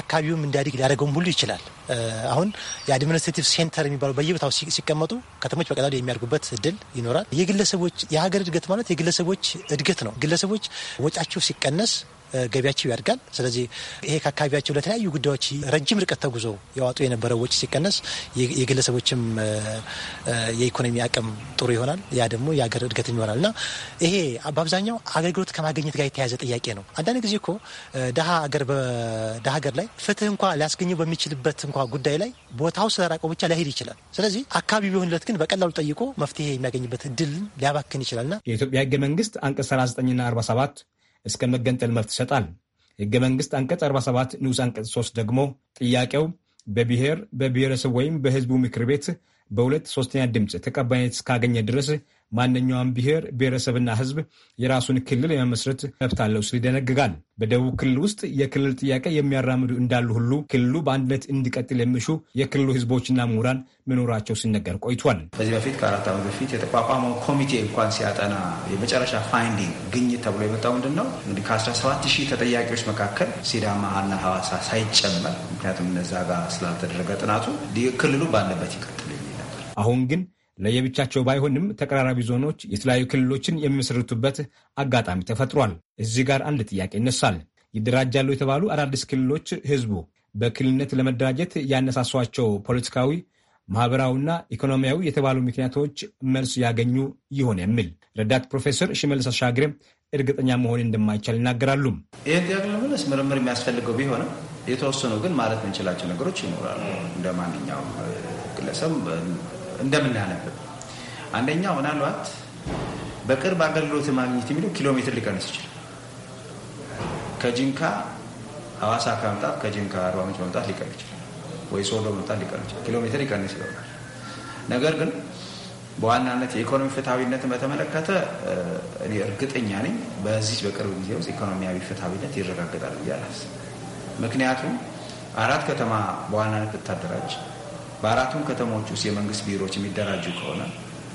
[SPEAKER 14] አካባቢውም እንዲያድግ ሊያደርገውም ሁሉ ይችላል። አሁን የአድሚኒስትሬቲቭ ሴንተር የሚባለው በየቦታው ሲቀመጡ ከተሞች በቀላሉ የሚያድጉበት እድል ይኖራል። የግለሰቦች የሀገር እድገት ማለት የግለሰቦች እድገት ነው። ግለሰቦች ወጫቸው ሲቀነስ ገቢያቸው ያድጋል። ስለዚህ ይሄ ከአካባቢያቸው ለተለያዩ ጉዳዮች ረጅም ርቀት ተጉዞ የዋጡ የነበረው ወጪ ሲቀነስ የግለሰቦችም የኢኮኖሚ አቅም ጥሩ ይሆናል። ያ ደግሞ የሀገር እድገትም ይሆናል እና ይሄ በአብዛኛው አገልግሎት ከማግኘት ጋር የተያያዘ ጥያቄ ነው። አንዳንድ ጊዜ እኮ ሀገር ላይ ፍትህ እንኳ ሊያስገኘው በሚችልበት እንኳ ጉዳይ ላይ ቦታው ስለራቀው ብቻ ላይሄድ ይችላል። ስለዚህ አካባቢ ቢሆንለት ግን በቀላሉ ጠይቆ መፍትሄ
[SPEAKER 13] የሚያገኝበት እድል ሊያባክን ይችላልና የኢትዮጵያ ህገ መንግስት አንቀጽ 39ና 47 እስከ መገንጠል መብት ይሰጣል። ህገ መንግስት አንቀጽ 47 ንዑስ አንቀጽ 3 ደግሞ ጥያቄው በብሔር በብሔረሰብ ወይም በህዝቡ ምክር ቤት በሁለት ሶስተኛ ድምፅ ተቀባይነት እስካገኘ ድረስ ማንኛውም ብሔር ብሔረሰብና ህዝብ የራሱን ክልል የመመስረት መብት አለው ሲል ይደነግጋል። በደቡብ ክልል ውስጥ የክልል ጥያቄ የሚያራምዱ እንዳሉ ሁሉ ክልሉ በአንድነት እንዲቀጥል የሚሹ የክልሉ ህዝቦችና ምሁራን መኖራቸው ሲነገር ቆይቷል።
[SPEAKER 5] ከዚህ በፊት ከአራት ዓመት በፊት የተቋቋመው ኮሚቴ እንኳን ሲያጠና የመጨረሻ ፋይንዲንግ ግኝት ተብሎ የመጣው ምንድን ነው እንግዲህ ከ17 ሺህ ተጠያቂዎች መካከል ሲዳማና ሐዋሳ ሳይጨመር ምክንያቱም እነዛ ጋር ስላልተደረገ ጥናቱ ክልሉ ባለበት ይቀጥል
[SPEAKER 13] የሚል ነበር። አሁን ግን ለየብቻቸው ባይሆንም ተቀራራቢ ዞኖች የተለያዩ ክልሎችን የሚመሰርቱበት አጋጣሚ ተፈጥሯል። እዚህ ጋር አንድ ጥያቄ ይነሳል። ይደራጃሉ የተባሉ አዳዲስ ክልሎች ህዝቡ በክልልነት ለመደራጀት ያነሳሷቸው ፖለቲካዊ፣ ማህበራዊና ኢኮኖሚያዊ የተባሉ ምክንያቶች መልስ ያገኙ ይሆን የሚል ረዳት ፕሮፌሰር ሽመልስ አሻግሬ እርግጠኛ መሆን እንደማይቻል
[SPEAKER 5] ይናገራሉ። ይህ ጥያቄ ለመለስ ምርምር የሚያስፈልገው ቢሆንም የተወሰኑ ግን ማለት የምንችላቸው ነገሮች ይኖራሉ። እንደ ማንኛውም ግለሰብ እንደምናነብ አንደኛው ምናልባት በቅርብ አገልግሎት ማግኘት የሚለው ኪሎ ሜትር ሊቀንስ ይችላል። ከጅንካ ሐዋሳ ከመምጣት ከጅንካ አርባ ምንጭ መምጣት ሊቀር ይችላል፣ ወይ ሶዶ መምጣት ሊቀር ይችላል። ኪሎ ሜትር ሊቀንስ ይለውናል። ነገር ግን በዋናነት የኢኮኖሚ ፍትሐዊነትን በተመለከተ እኔ እርግጠኛ ነኝ በዚህ በቅርብ ጊዜ ውስጥ ኢኮኖሚያዊ ፍትሐዊነት ይረጋገጣል ብዬ አላስብም። ምክንያቱም አራት ከተማ በዋናነት ብታደራጅ በአራቱም ከተሞች ውስጥ የመንግስት ቢሮዎች የሚደራጁ ከሆነ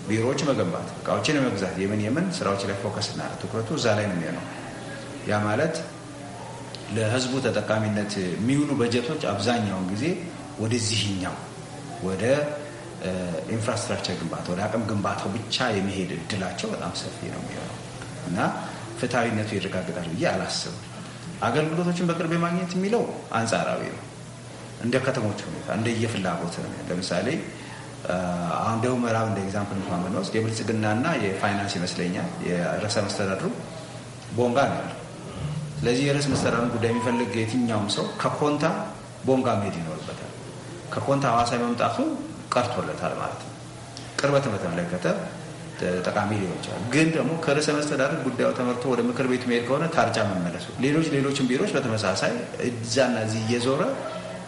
[SPEAKER 5] ቢሮዎች መገንባት፣ እቃዎችን የመግዛት የምን የምን ስራዎች ላይ ፎከስ እና ትኩረቱ እዛ ላይ ነው የሚሆነው። ያ ማለት ለህዝቡ ተጠቃሚነት የሚውሉ በጀቶች አብዛኛውን ጊዜ ወደዚህኛው ወደ ኢንፍራስትራክቸር ግንባታ ወደ አቅም ግንባታው ብቻ የመሄድ እድላቸው በጣም ሰፊ ነው የሚሆነው እና ፍትሐዊነቱ ይረጋግጣል ብዬ አላስብም። አገልግሎቶችን በቅርብ የማግኘት የሚለው አንጻራዊ ነው። እንደ ከተሞች ሁኔታ እንደየፍላጎት ለምሳሌ አሁን ደቡብ ምዕራብ እንደ ኤግዛምፕል እንኳን ብንወስድ የብልጽግናና የፋይናንስ ይመስለኛል የርዕሰ መስተዳድሩ ቦንጋ ነው ያለው። ስለዚህ የርዕሰ መስተዳድሩን ጉዳይ የሚፈልግ የትኛውም ሰው ከኮንታ ቦንጋ መሄድ ይኖርበታል። ከኮንታ ሐዋሳ መምጣቱ ቀርቶለታል ማለት ነው። ቅርበትን በተመለከተ ጠቃሚ ሊሆን ይችላል። ግን ደግሞ ከርዕሰ መስተዳድር ጉዳዩ ተመርቶ ወደ ምክር ቤቱ መሄድ ከሆነ ታርጫ መመለሱ፣ ሌሎች ሌሎችን ቢሮዎች በተመሳሳይ እዛና እዚህ እየዞረ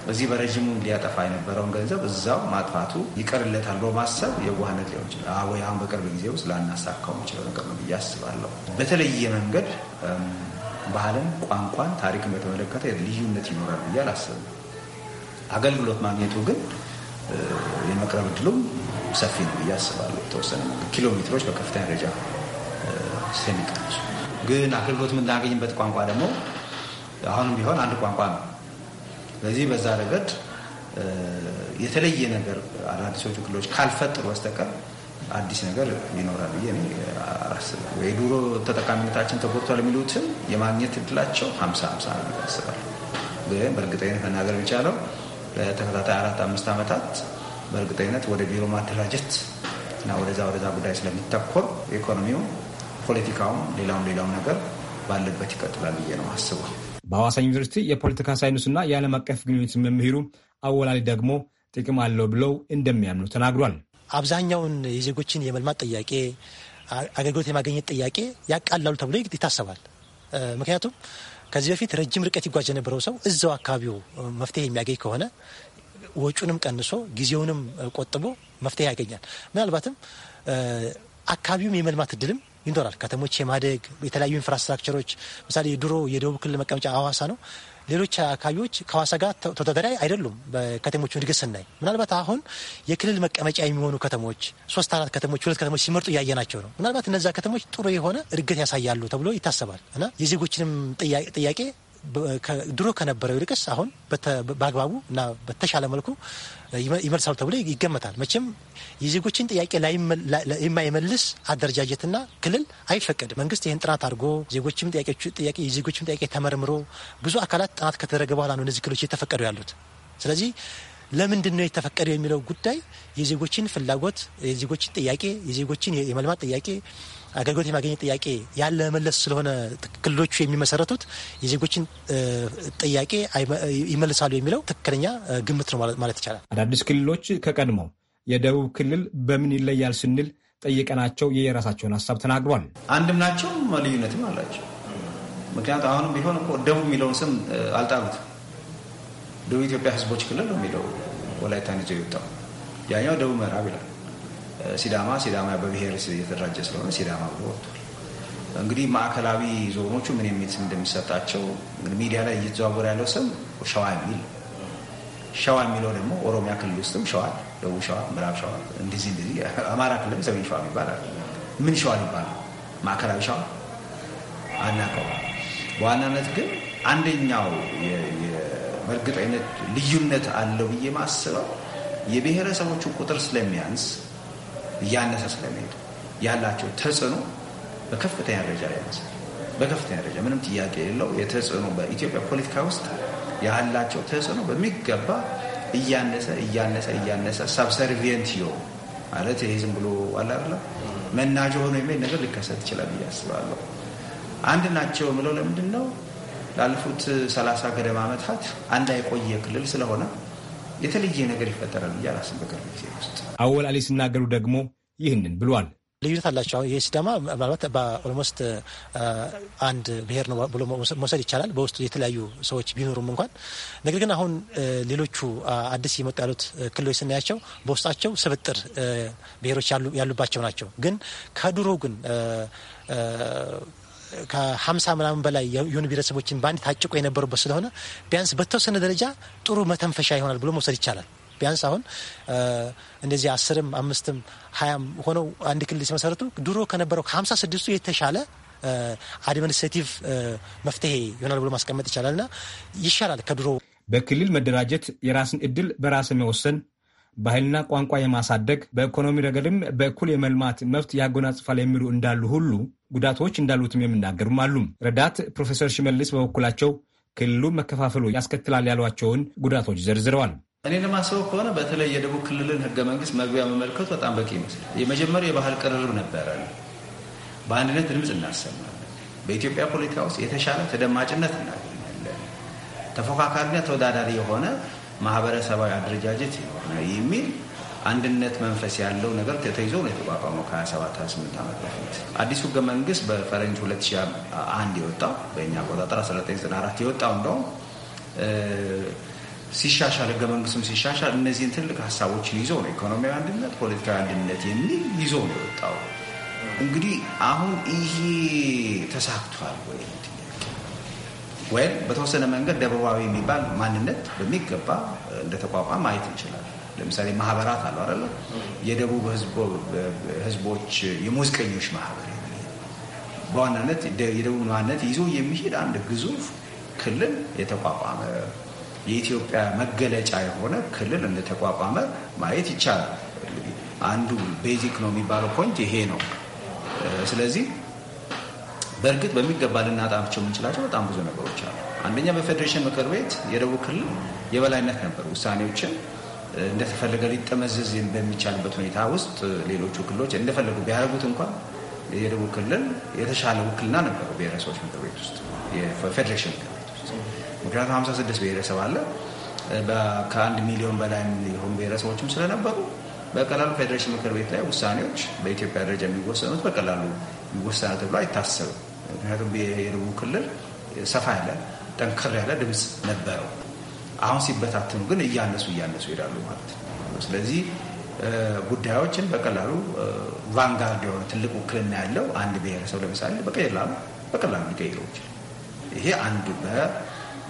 [SPEAKER 5] በዚህ በረዥሙ ሊያጠፋ የነበረውን ገንዘብ እዛው ማጥፋቱ ይቀርለታል በማሰብ የዋህነት ሊሆን ይችላል ወይ አሁን በቅርብ ጊዜ ውስጥ ላናሳካው የምችለው ነገር ነው ብዬ አስባለሁ። በተለየ መንገድ ባህልን፣ ቋንቋን፣ ታሪክን በተመለከተ ልዩነት ይኖራል ብዬ አላስብም። አገልግሎት ማግኘቱ ግን የመቅረብ እድሉም ሰፊ ነው ብዬ አስባለሁ። የተወሰነ ኪሎ ሜትሮች በከፍተኛ ደረጃ ስለሚቀንሱ ግን አገልግሎት የምናገኝበት ቋንቋ ደግሞ አሁንም ቢሆን አንድ ቋንቋ ነው። በዚህ በዛ ረገድ የተለየ ነገር አዳዲሶቹ ክልሎች ካልፈጠሩ በስተቀር አዲስ ነገር ይኖራል ብዬ አላስብም። የድሮ ተጠቃሚነታችን ተጎድቷል የሚሉትም የማግኘት እድላቸው ሀምሳ ሀምሳ ነው ያስባል። ግን በእርግጠኝነት መናገር የሚቻለው ለተከታታይ አራት አምስት ዓመታት በእርግጠኝነት ወደ ቢሮ ማደራጀት እና ወደዛ ወደዛ ጉዳይ ስለሚተኮር ኢኮኖሚውም፣ ፖለቲካውም ሌላውም ሌላውም ነገር ባለበት ይቀጥላል ብዬ ነው አስበው።
[SPEAKER 13] በአዋሳ ዩኒቨርሲቲ የፖለቲካ ሳይንስና የዓለም አቀፍ ግንኙነት መምህሩ አወላሊ ደግሞ ጥቅም አለው ብለው እንደሚያምኑ ተናግሯል። አብዛኛውን የዜጎችን የመልማት
[SPEAKER 14] ጥያቄ፣ አገልግሎት የማገኘት ጥያቄ ያቃላሉ ተብሎ ይታሰባል። ምክንያቱም ከዚህ በፊት ረጅም ርቀት ይጓዝ የነበረው ሰው እዛው አካባቢው መፍትሄ የሚያገኝ ከሆነ ወጪውንም ቀንሶ ጊዜውንም ቆጥቦ መፍትሄ ያገኛል። ምናልባትም አካባቢውም የመልማት እድልም ይኖራል። ከተሞች የማደግ የተለያዩ ኢንፍራስትራክቸሮች ምሳሌ የድሮ የደቡብ ክልል መቀመጫ ሀዋሳ ነው። ሌሎች አካባቢዎች ከሀዋሳ ጋር ተወዳዳሪ አይደሉም። በከተሞቹ እድገት ስናይ ምናልባት አሁን የክልል መቀመጫ የሚሆኑ ከተሞች ሶስት አራት ከተሞች ሁለት ከተሞች ሲመርጡ እያየናቸው ነው። ምናልባት እነዛ ከተሞች ጥሩ የሆነ እድገት ያሳያሉ ተብሎ ይታሰባል እና የዜጎችንም ጥያቄ ድሮ ከነበረው ይልቅስ አሁን በአግባቡ እና በተሻለ መልኩ ይመልሳሉ ተብሎ ይገመታል። መቼም የዜጎችን ጥያቄ የማይመልስ አደረጃጀትና ክልል አይፈቀድም። መንግስት ይህን ጥናት አድርጎ ዜጎችም ጥያቄ የዜጎችም ጥያቄ ተመርምሮ ብዙ አካላት ጥናት ከተደረገ በኋላ ነው እነዚህ ክልሎች የተፈቀዱ ያሉት። ስለዚህ ለምንድን ነው የተፈቀደው የሚለው ጉዳይ የዜጎችን ፍላጎት፣ የዜጎችን ጥያቄ፣ የዜጎችን የመልማት ጥያቄ አገልግሎት የማግኘት ጥያቄ ያለ መመለስ ስለሆነ ክልሎቹ የሚመሰረቱት የዜጎችን ጥያቄ ይመልሳሉ የሚለው ትክክለኛ ግምት ነው
[SPEAKER 13] ማለት ይቻላል። አዳዲስ ክልሎች ከቀድሞው የደቡብ ክልል በምን ይለያል ስንል ጠይቀናቸው የየራሳቸውን ሀሳብ ተናግሯል። አንድም ናቸው፣ ልዩነትም አላቸው። ምክንያቱ
[SPEAKER 5] አሁንም ቢሆን እኮ ደቡብ የሚለውን ስም አልጣሉት። ደቡብ ኢትዮጵያ ሕዝቦች ክልል ነው የሚለው ወላይታን ይዘው የወጣው ያኛው ደቡብ ምዕራብ ይላል ሲዳማ ሲዳማ በብሔር የተደራጀ ስለሆነ ሲዳማ ብሎ ወጥቷል። እንግዲህ ማዕከላዊ ዞኖቹ ምን የሚል ስም እንደሚሰጣቸው ሚዲያ ላይ እየተዘዋወረ ያለው ስም ሸዋ የሚል ሸዋ የሚለው ደግሞ ኦሮሚያ ክልል ውስጥም ሸዋ፣ ደቡብ ሸዋ፣ ምዕራብ ሸዋ እንደዚህ እንደዚህ፣ አማራ ክልል ሰሜን ሸዋ ይባላል። ምን ሸዋ ይባላል? ማዕከላዊ ሸዋ አናቀው። በዋናነት ግን አንደኛው በእርግጠኝነት ልዩነት አለው ብዬ ማስበው የብሔረሰቦቹ ቁጥር ስለሚያንስ እያነሰ ስለመሄድ ያላቸው ተጽዕኖ በከፍተኛ ደረጃ ላይ በከፍተኛ ደረጃ ምንም ጥያቄ የለው የተጽዕኖ በኢትዮጵያ ፖለቲካ ውስጥ ያላቸው ተጽዕኖ በሚገባ እያነሰ እያነሰ እያነሰ ሳብሰርቪየንት ዮ ማለት ይህ ዝም ብሎ አላለ መናጆ ሆኖ የሚሄድ ነገር ሊከሰት ይችላል ብዬ አስባለሁ። አንድ ናቸው የምለው ለምንድን ነው ላለፉት ሰላሳ ገደማ ዓመታት አንድ የቆየ ክልል ስለሆነ የተለየ ነገር ይፈጠራል ብዬ አላስብም በቅርብ ጊዜ ውስጥ።
[SPEAKER 13] አወል አሊ ሲናገሩ ደግሞ ይህንን ብሏል።
[SPEAKER 14] ልዩነት አላቸው። አሁን ሲዳማ ምናልባት በኦልሞስት አንድ ብሔር ነው ብሎ መውሰድ ይቻላል። በውስጡ የተለያዩ ሰዎች ቢኖሩም እንኳን ነገር ግን አሁን ሌሎቹ አዲስ የመጡ ያሉት ክልሎች ስናያቸው በውስጣቸው ስብጥር ብሔሮች ያሉባቸው ናቸው። ግን ከድሮ ግን ከሀምሳ ምናምን በላይ የሆኑ ብሔረሰቦችን በአንድ ታጭቆ የነበሩበት ስለሆነ ቢያንስ በተወሰነ ደረጃ ጥሩ መተንፈሻ ይሆናል ብሎ መውሰድ ይቻላል። ቢያንስ አሁን እንደዚህ አስርም አምስትም ሀያም ሆነው አንድ ክልል ሲመሰረቱ ድሮ ከነበረው ከሀምሳ ስድስቱ የተሻለ አድሚኒስትሬቲቭ መፍትሄ
[SPEAKER 13] ይሆናል ብሎ ማስቀመጥ ይቻላል እና ይሻላል ከድሮ በክልል መደራጀት የራስን እድል በራስ መወሰን ባህልና ቋንቋ የማሳደግ በኢኮኖሚ ረገድም በእኩል የመልማት መብት ያጎናጽፋል የሚሉ እንዳሉ ሁሉ ጉዳቶች እንዳሉትም የምናገርም አሉ። ረዳት ፕሮፌሰር ሽመልስ በበኩላቸው ክልሉ መከፋፈሉ ያስከትላል ያሏቸውን ጉዳቶች ዘርዝረዋል።
[SPEAKER 5] እኔ ለማስበው ከሆነ በተለይ የደቡብ ክልልን ህገ መንግስት መግቢያ መመልከቱ በጣም በቂ ይመስላል። የመጀመሪያው የባህል ቅርርብ ነበረ። በአንድነት ድምፅ እናሰማለን። በኢትዮጵያ ፖለቲካ ውስጥ የተሻለ ተደማጭነት እናገኛለን። ተፎካካሪና ተወዳዳሪ የሆነ ማህበረሰባዊ አደረጃጀት የሆነ የሚል አንድነት መንፈስ ያለው ነገር ተይዞ ነው የተቋቋመው። ከ27 28 ዓመት በፊት አዲሱ ህገ መንግስት በፈረንጅ 2001 የወጣው በእኛ አቆጣጠር 1994 የወጣው እንደውም ሲሻሻል ህገ መንግስቱም ሲሻሻል እነዚህን ትልቅ ሀሳቦችን ይዞ ነው ኢኮኖሚያዊ አንድነት፣ ፖለቲካዊ አንድነት የሚል ይዞ ነው የወጣው። እንግዲህ አሁን ይሄ ተሳክቷል ወይ? ወይም በተወሰነ መንገድ ደቡባዊ የሚባል ማንነት በሚገባ እንደ ተቋቋም ማየት እንችላለን። ለምሳሌ ማህበራት አሉ አይደለ? የደቡብ ህዝቦች የሙዚቀኞች ማህበር በዋናነት የደቡብ ማንነት ይዞ የሚሄድ አንድ ግዙፍ ክልል የተቋቋመ የኢትዮጵያ መገለጫ የሆነ ክልል እንደተቋቋመ ማየት ይቻላል። አንዱ ቤዚክ ነው የሚባለው ፖይንት ይሄ ነው። ስለዚህ በእርግጥ በሚገባ ልናጣቸው የምንችላቸው በጣም ብዙ ነገሮች አሉ። አንደኛ በፌዴሬሽን ምክር ቤት የደቡብ ክልል የበላይነት ነበር። ውሳኔዎችን እንደተፈለገ ሊጠመዘዝ በሚቻልበት ሁኔታ ውስጥ ሌሎቹ ክልሎች እንደፈለጉ ቢያደርጉት እንኳን የደቡብ ክልል የተሻለ ውክልና ነበረው ብሔረሰቦች ምክር ቤት ውስጥ የፌዴሬሽን ምክር ቤት ውስጥ ምክንያቱም 56 ብሔረሰብ አለ። ከአንድ ሚሊዮን በላይ የሆኑ ብሔረሰቦችም ስለነበሩ በቀላሉ ፌዴሬሽን ምክር ቤት ላይ ውሳኔዎች በኢትዮጵያ ደረጃ የሚወሰኑት በቀላሉ ይወሰናል ተብሎ አይታሰብም። ምክንያቱም የደቡብ ክልል ሰፋ ያለ ጠንከር ያለ ድምፅ ነበረው። አሁን ሲበታትኑ ግን እያነሱ እያነሱ ይሄዳሉ ማለት ነው። ስለዚህ ጉዳዮችን በቀላሉ ቫንጋርድ የሆነ ትልቅ ውክልና ያለው አንድ ብሔረሰብ ለምሳሌ በቀላሉ በቀላሉ ሊቀይረው ይችላል። ይሄ አንዱ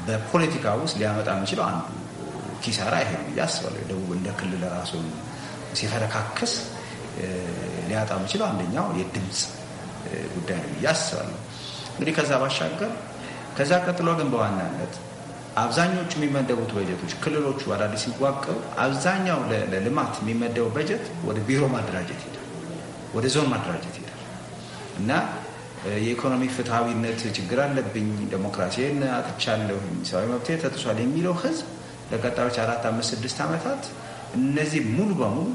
[SPEAKER 5] በፖለቲካ ውስጥ ሊያመጣ የሚችለው አንዱ ኪሳራ ይሄ ነው ብዬ ደቡብ እንደ ክልል ራሱን ሲፈረካክስ ሊያጣ የሚችለው አንደኛው የድምፅ ጉዳይ ነው ብዬ አስባለሁ። እንግዲህ ከዛ ባሻገር ከዛ ቀጥሎ ግን በዋናነት አብዛኞቹ የሚመደቡት በጀቶች ክልሎቹ አዳዲስ ሲዋቀሩ አብዛኛው ለልማት የሚመደቡ በጀት ወደ ቢሮ ማደራጀት ይሄዳል፣ ወደ ዞን ማደራጀት ይሄዳል እና የኢኮኖሚ ፍትሐዊነት ችግር አለብኝ፣ ዴሞክራሲን አጥቻለሁ፣ ሰብአዊ መብት ተጥሷል የሚለው ህዝብ ለቀጣዮች አራት አምስት ስድስት ዓመታት እነዚህ ሙሉ በሙሉ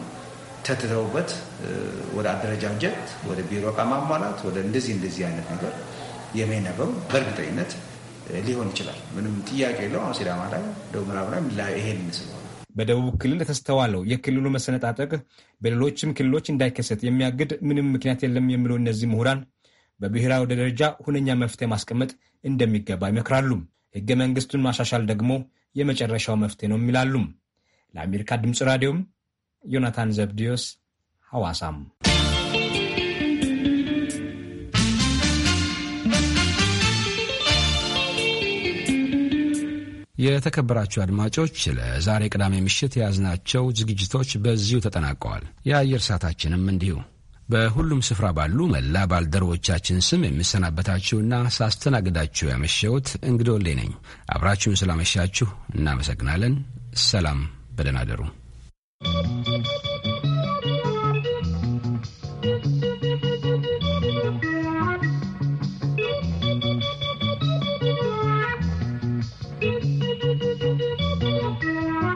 [SPEAKER 5] ተትተውበት ወደ አደረጃጀት፣ ወደ ቢሮ እቃ ማሟላት፣ ወደ እንደዚህ እንደዚህ አይነት ነገር የሚነበው በእርግጠኝነት ሊሆን ይችላል። ምንም ጥያቄ የለው። አሁን ሲዳማ ላይ ደቡብ ምዕራብ ላይ ይሄን ስለሆነ
[SPEAKER 13] በደቡብ ክልል የተስተዋለው የክልሉ መሰነጣጠቅ በሌሎችም ክልሎች እንዳይከሰት የሚያግድ ምንም ምክንያት የለም የሚለው እነዚህ ምሁራን በብሔራዊ ደረጃ ሁነኛ መፍትሄ ማስቀመጥ እንደሚገባ ይመክራሉ። ህገ መንግስቱን ማሻሻል ደግሞ የመጨረሻው መፍትሄ ነው የሚላሉ። ለአሜሪካ ድምፅ ራዲዮም ዮናታን ዘብዲዮስ ሐዋሳም
[SPEAKER 1] የተከበራችሁ አድማጮች ለዛሬ ቅዳሜ ምሽት የያዝናቸው ዝግጅቶች በዚሁ ተጠናቀዋል። የአየር ሰዓታችንም እንዲሁ በሁሉም ስፍራ ባሉ መላ ባልደረቦቻችን ስም የምሰናበታችሁና ሳስተናግዳችሁ ያመሸሁት እንግዶሌ ነኝ። አብራችሁን ስላመሻችሁ እናመሰግናለን። ሰላም፣ በደህና አደሩ። Thank you.